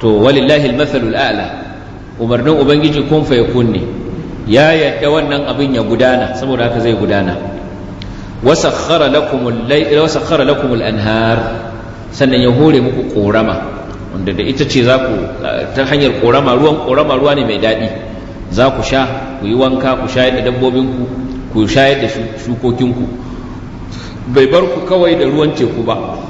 to walillahi almathalul a'la umarnin ubangiji kun fa yakun ne ya yadda wannan abin ya gudana saboda haka zai gudana wasakhara lakum al-anhar sannan ya hore muku korama wanda da ita ce za ku ta hanyar korama ruwan korama ruwa ne mai daɗi za ku sha ku yi wanka ku shayar da dabbobinku ku shayar da shukokinku bai bar ku kawai da ruwan teku ba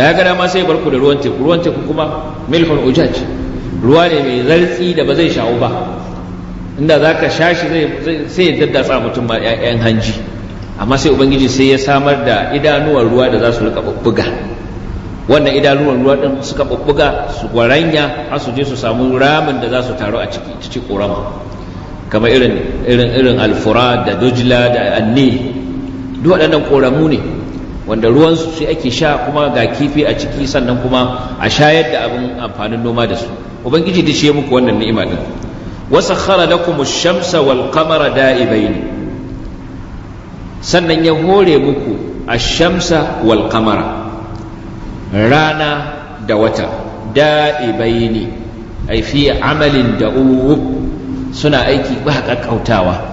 da ya gada ma sai barku da ruwan teku ruwan teku kuma milhun ujaj ruwa ne mai zartsi da ba zai shawo ba inda za ka sha shi sai ya daddatsa mutum ma 'ya'yan hanji amma sai ubangiji sai ya samar da idanuwar ruwa da za su rika bubbuga wannan idanuwan ruwa ɗin suka bubbuga su gwaranya har su je su samu ramin da za su taru a ciki ciki ƙorama kamar irin irin irin alfura da dujla da anni duk waɗannan ƙoramu ne wanda ruwansu shi ake sha kuma ga kifi a ciki sannan kuma a shayar da abin amfanin noma da su ubangiji da shi ya muku wannan ni'ima din wasakhara lakum ash-shamsa wal qamara da'ibain sannan ya hore muku ash-shamsa wal qamara rana da wata da'ibaini ai fi amalin da'ub suna aiki ba kakkautawa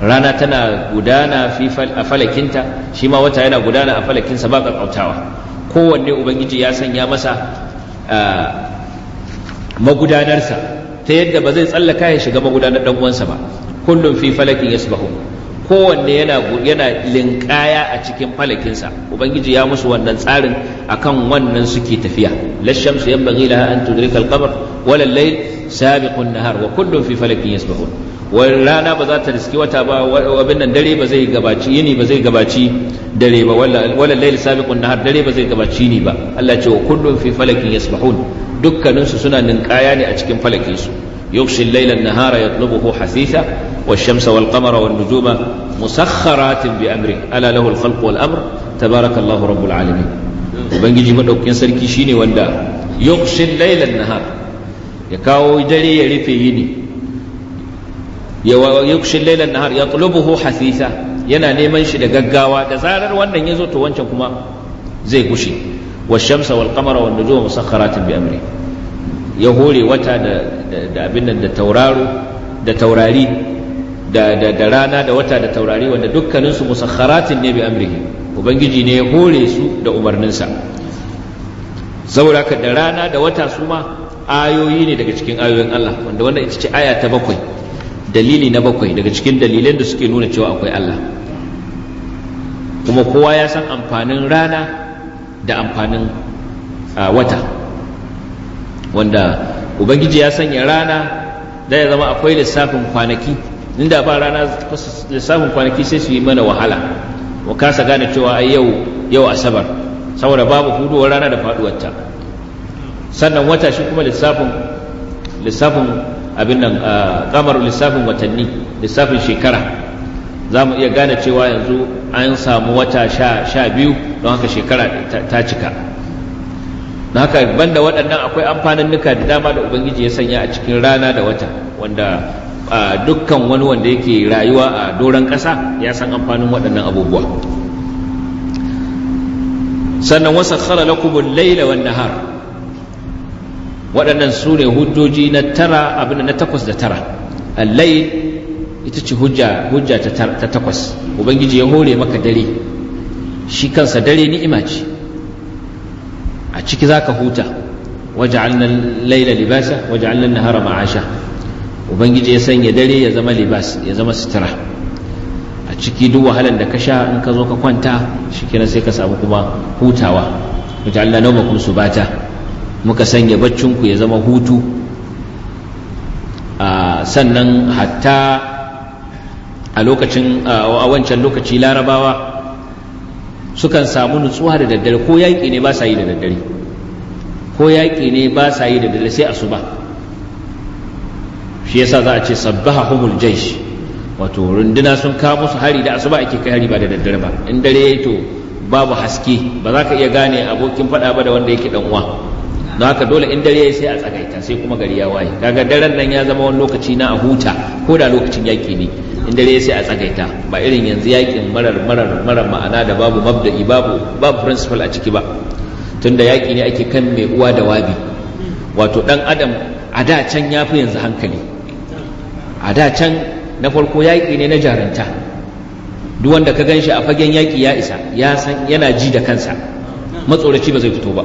rana tana gudana a falakinta shi ma wata yana gudana a falakinsa ba ƙarƙautawa kowanne ubangiji ya sanya masa magudanarsa ta yadda ba zai tsallaka ya shiga magudanar ɗan uwansa ba kullum fi falakin ya yasbahun kowanne yana yana linkaya a cikin falakinsa ubangiji ya musu wannan tsarin akan wannan suke tafiya lashamsu yanbaghi laha an tudrika al-qamar wala al-layl sabiqu nahar wa kullun fi falakin yasbahun wani rana ba za ta riski wata ba abin nan dare ba zai gabaci yini ba zai gabaci dare ba wala layl sabiqun nahar dare ba zai gabaci yini ba Allah ce wa kullun fi falakin yasbahun dukkanin su suna ninkaya ne a cikin falakinsu. su يغشي الليل النهار يطلبه حثيثا والشمس والقمر والنجوم مسخرات بأمره ألا له الخلق والأمر تبارك الله رب العالمين وبنجي مدوكين سركي شيني وندا يغشي الليل النهار يكاو دري يرفيني يغشي الليل النهار يطلبه حثيثا yana neman shi da gaggawa da zarar wannan yazo to wancan kuma zai gushe والشمس والقمر والنجوم مسخرات بأمره ya hore wata da abin nan da tauraro da taurari da rana da wata da taurari wanda dukkaninsu musakharatin ne bi amrihi ubangiji ne ya hore su da umarninsa saboda haka da rana da wata su ma ayoyi ne daga cikin ayoyin Allah wanda wannan ita ce aya ta bakwai dalili na bakwai daga cikin dalilan da suke nuna cewa akwai Allah kuma kowa ya san amfanin rana da amfanin ah, wata wanda ubangiji ya sanya rana da ya zama akwai lissafin kwanaki inda ba rana lissafin kwanaki sai su yi mana wahala mu kasa gane cewa ai yau yau asabar saboda babu huduwar rana da ta sannan wata shi kuma lissafin lissafin abin nan kamar lissafin watanni lissafin shekara za mu iya gane cewa yanzu an samu wata sha biyu don haka shekara ta cika haka banda waɗannan akwai amfanin nuka da dama da ubangiji ya sanya a cikin rana da wata wanda dukkan wani wanda yake rayuwa a doron ƙasa ya san amfanin waɗannan abubuwa sannan wasa khara lakumul laila wan nahar waɗannan su ne hujjoji na tara abin na takwas da tara allai ita ce hujja hujja ta takwas ubangiji ya hore maka dare shi kansa dare ni'ima ce a ciki zaka huta waj'alna al-layla libasa waj'alna nahara ma'asha ubangiji ya sanya dare ya zama libas ya zama sutura a ciki duk wahalan da ka sha in ka zo ka kwanta shikenan sai ka samu kuma hutawa waj'alna nawmakum subata muka sanya ku ya zama hutu sannan hatta a lokacin a wancan lokaci larabawa sukan samu nutsuwa da daddare ko yaƙi ne ba sa yi da daddare ko yaƙi ne ba sa yi da daddare sai asuba shi yasa za a ce sabbaha humul jaish wato runduna sun kawo musu hari da asuba ake kai hari ba da daddare ba in dare yi to babu haske ba za ka iya gane abokin faɗa ba da wanda yake dan uwa don haka dole in dare yayi sai a tsagaita sai kuma gari ya waye kaga daren nan ya zama wani lokaci na a huta ko da lokacin yaƙi ne in dare sai a tsagaita ba irin yanzu yakin marar marar marar ma'ana da babu mabda'i babu babu principle a ciki ba tunda yaki ne ake kan mai uwa da wabi wato dan adam a da can ya fi yanzu hankali a da can na farko yaki ne na jarunta duk wanda ka gan shi a fagen yaki ya isa ya san yana ji da kansa matsoraci ba zai fito ba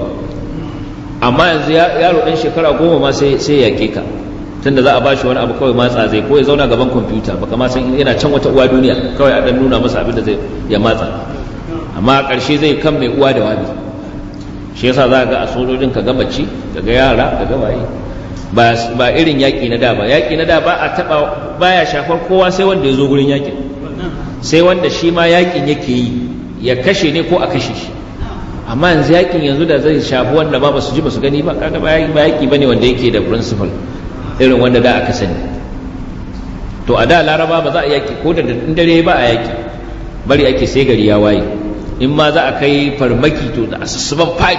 amma yanzu yaro dan shekara goma ma sai sai yake ka tunda za a bashi wani abu kawai matsa zai ko ya zauna gaban kwamfuta baka ma san yana can wata uwa duniya kawai a dan nuna masa abin da zai ya matsa amma a ƙarshe zai kan mai uwa da wabi shi yasa za ga a sojojin ka ga mace ka ga yara ka ga waye ba irin yaƙi na da ba yaƙi na da ba a taɓa baya shafar kowa sai wanda ya zo gurin yaƙin sai wanda shi ma yaƙin yake yi ya kashe ne ko a kashe shi amma yanzu yaƙin yanzu da zai shafi wanda ba su ji ba su gani ba kaga ba yaƙi ba ne wanda yake da principle irin wanda da aka sani to a da laraba ba za a yaki ko da dare ba a yaki bari ake sai gari ya waye in ma za a kai farmaki to da asusuban fari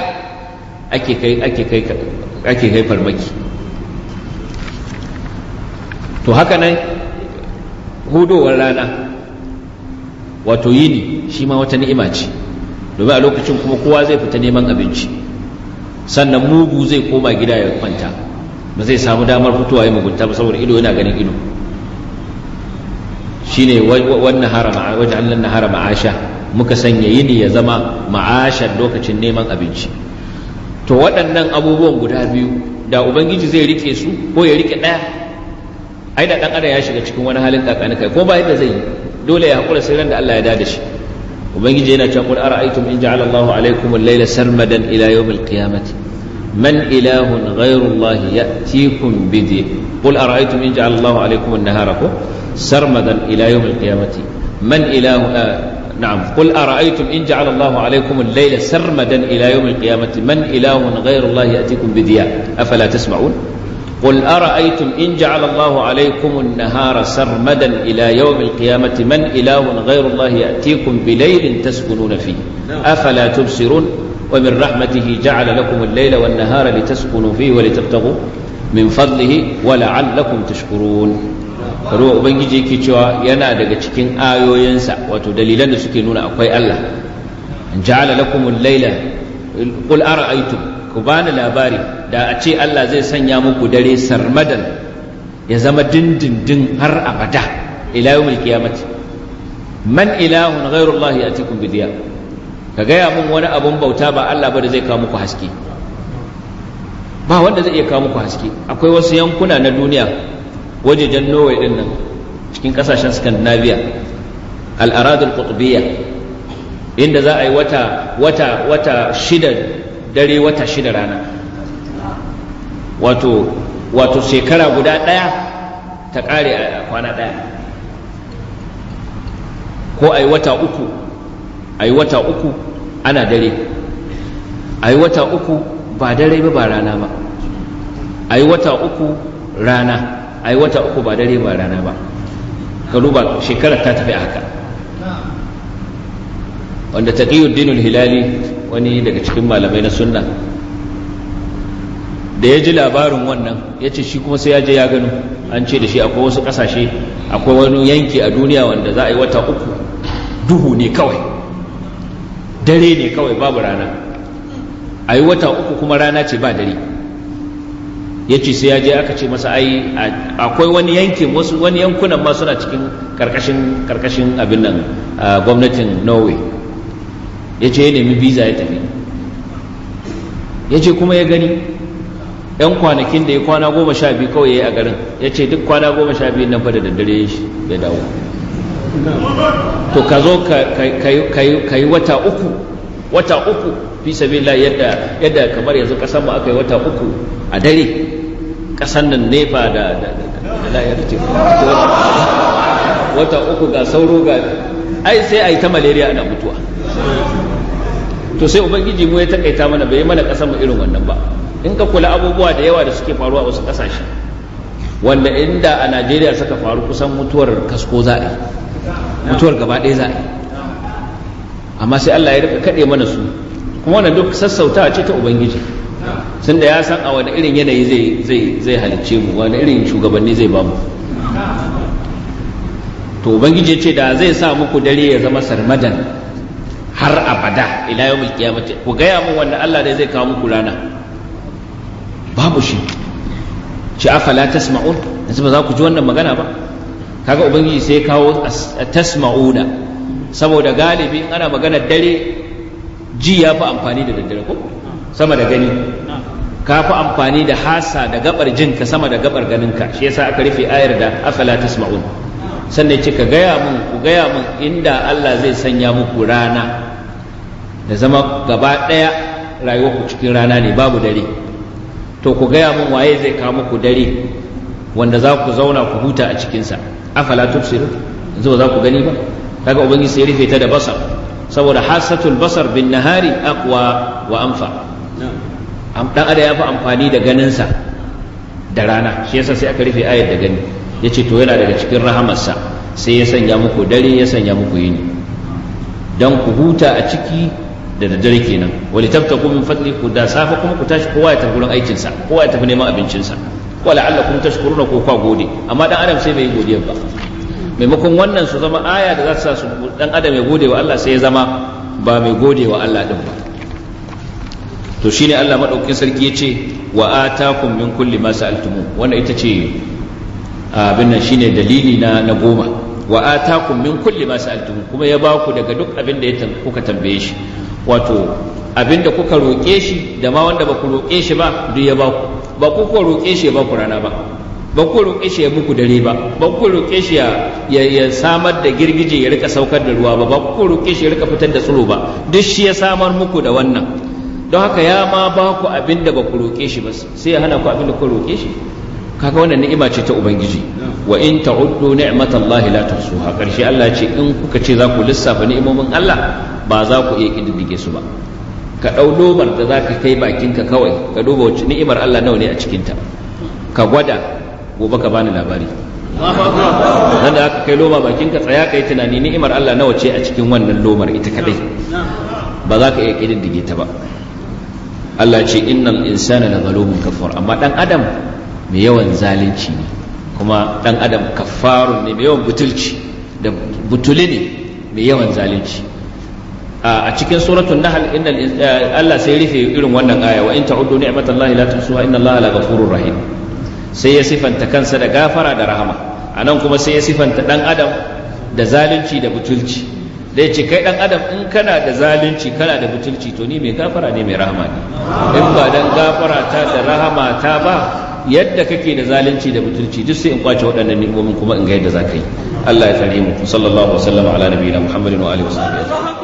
ake kai kai farmaki to haka nan hudowar rana wato yini shi ma wata ni'ima ce domin a lokacin kuma kowa zai fita neman abinci sannan mugu zai koma gida ya kwanta ba zai samu damar fitowa yi mugunta ba saboda ido yana ganin ido Shi ne wajen Allah nahara ma'asha muka sanya yini ya zama ma'ashan lokacin neman abinci to waɗannan abubuwan guda biyu da ubangiji zai rike su ko ya rike ɗaya ai da ɗan ya shiga cikin wani halin kakani kai ko ba yadda zai yi dole ya haƙura sai ran da Allah ya dada shi ubangiji yana cewa qul ara'aytum in ja'ala Allahu alaykum al-layla sarmadan ila yawm al-qiyamati من إله غير الله يأتيكم بدين قل أرأيتم إن جعل الله عليكم النهار سرمدا إلى يوم القيامة من إله آه نعم قل أرأيتم إن جعل الله عليكم الليل سرمدا إلى يوم القيامة من إله غير الله يأتيكم بدياء أفلا تسمعون قل أرأيتم إن جعل الله عليكم النهار سرمدا إلى يوم القيامة من إله غير الله يأتيكم بليل تسكنون فيه أفلا تبصرون ومن رحمته جعل لكم الليل والنهار لتسكنوا فيه ولتبتغوا من فضله ولعلكم تشكرون ruwa ubangiji yake cewa yana daga cikin ayoyinsa wato dalilan da suke nuna akwai Allah ja'ala lakum al-laila qul ara'aytum ku bani labari da a ce Allah zai sanya muku dare sarmadan ya zama dindindin har abada ila yawmil qiyamati man ilahun ghayru Allah yatikum bidiya ka gaya min wani abun bauta ba Allah ba da zai kawo muku haske ba wanda zai iya kawo muku haske akwai wasu yankuna na duniya wajejen Norway din nan cikin kasashen Scandinavia al-aradul qutbiyya inda za a yi wata wata wata shida dare wata shida rana wato wato shekara guda ɗaya ta ƙare a kwana ɗaya ko a yi wata uku a yi wata uku ana dare a yi wata uku ba dare ba ba rana ba a yi wata uku rana a yi wata uku ba dare ba rana ba ka duba shekarar ta tafi haka wanda taqiyuddin hilali wani daga cikin malamai na sunna da ya ji labarin wannan ya ce shi kuma sai ya je ya gano an ce da shi akwai wasu kasashe akwai wani yanki a duniya wanda za a yi wata uku duhu ne kawai dare ne kawai babu rana a yi wata uku kuma rana ce ba dare ya ce sai ya je aka ce masa ai akwai wani yankin wasu wani yankunan ma suna cikin karkashin karkashin abin nan gwamnatin norway ya ce ya nemi visa ya tafi ya ce kuma ya gani yan kwanakin da ya kwana goma sha biyu kawai ya yi a garin ya ce duk kwana goma sha biyu nan fa da daddare ya dawo to ka zo ka yi wata uku wata uku fi sabila yadda yadda kamar yanzu kasan mu aka yi wata uku a dare kasan nan nefa da layar wata uku ga sauro ga ai sai a yi ta malaria ana mutuwa to sai ubangiji mu ya takaita mana bai mana kasan mu irin wannan ba in ka kula abubuwa da yawa da suke faruwa a wasu kasashe wanda inda a najeriya suka faru kusan mutuwar kasko za'a mutuwar gaba ɗaya za a yi amma sai Allah ya rika kaɗe mana su kuma wannan duk sassauta ce ta ubangiji sun da ya san a wani irin yanayi zai zai halicce mu wani irin shugabanni zai ba mu to ubangiji ce da zai sa muku dare ya zama sarmadan har abada ila yawmil mace ku gaya mun wanda Allah dai zai kawo muku rana babu shi ci afala tasma'un yanzu ba za ku ji wannan magana ba kaga ubangiji sai kawo tasma'una saboda galibi in ana magana dare ji ya fi amfani da daddare ko sama da gani ka fi amfani da hasa da gabar ka sama da gabar ka shi yasa aka rufe ayar da afala tasma'un sannan ce ka gaya mun ku gaya mun inda Allah zai sanya muku rana da zama gaba rayuwarku cikin rana ne babu dare to ku gaya mun waye zai kawo muku dare wanda za ku zauna ku huta a cikinsa afala tubsiru yanzu za ku gani ba kaga ubangiji sai rufe ta da basar saboda hasatul basar bin nahari aqwa wa anfa dan ada ya fi amfani da ganinsa da rana shi yasa sai aka rufe ayar da gani yace to yana daga cikin rahamarsa sai ya sanya muku dare ya sanya muku yini dan ku huta a ciki da daddare kenan wali tabtaku min fadli ku da safa kuma ku tashi kowa ya tafi wurin aikinsa kowa ya tafi neman abincinsa wa la'allakum tashkuruna ko kwa gode amma dan adam sai bai godiya ba maimakon wannan su zama aya da za su sa su dan adam ya gode wa Allah sai ya zama ba mai gode wa Allah din ba to shine Allah madaukakin sarki ya ce wa atakum min kulli ma sa'altumu wannan ita ce abin nan shine dalili na na goma wa atakum min kulli ma sa'altumu kuma ya ba ku daga duk abin da kuka tambaye shi wato abinda kuka roƙe shi da ma wanda ba ku roƙe shi ba duk ya ba ku ba ku kuwa roƙe shi ya ba ku rana ba ba ku roƙe shi ya muku dare ba ba ku roƙe shi ya samar da girgije ya rika saukar da ruwa ba ba ku roƙe shi ya rika fitar da tsiro ba duk shi ya samar muku da wannan don haka ya ma ba ku abin da ba ku roƙe shi ba sai ya hana ku abin da ku roƙe shi kaga wannan ni'ima ce ta ubangiji wa in ta'uddu ni'matallahi la tuhsuha karshe Allah ce in kuka ce za ku lissafa ni'imomin Allah ba za ku iya kididdige su ba ka ɗau lomar da za ka kai bakinka kawai ka duba wacce ni'imar Allah nawa ne a cikinta ka gwada gobe ka bani labari nan da aka kai loma bakinka tsaya ka yi tunani ni'imar Allah nawa ce a cikin wannan lomar ita kadai ba za ka iya ƙididdige ta ba Allah ce innal insana la zalumun kafar amma dan adam mai yawan zalunci ne kuma dan adam kafarun ne mai yawan butulci da butuli ne mai yawan zalunci a cikin suratul nahl innal eh, Allah sai rufe irin wannan aya wa in ta'uddu ni'matallahi la tuhsuha inna Allaha la ghafurur rahim sai ya sifanta kansa da gafara da rahama anan kuma sai ya sifanta dan adam da zalunci da butulci da ya ce kai dan adam in kana da zalunci kana da butulci to ni mai gafara ne mai rahama ne in ba dan gafara ta da rahama ta ba yadda kake da zalunci da butulci duk sai in kwace waɗannan ni'imomin kuma in ga yadda za ka yi Allah ya tsare mu sallallahu alaihi wa sallam ala nabiyina muhammadin wa alihi wa sahbihi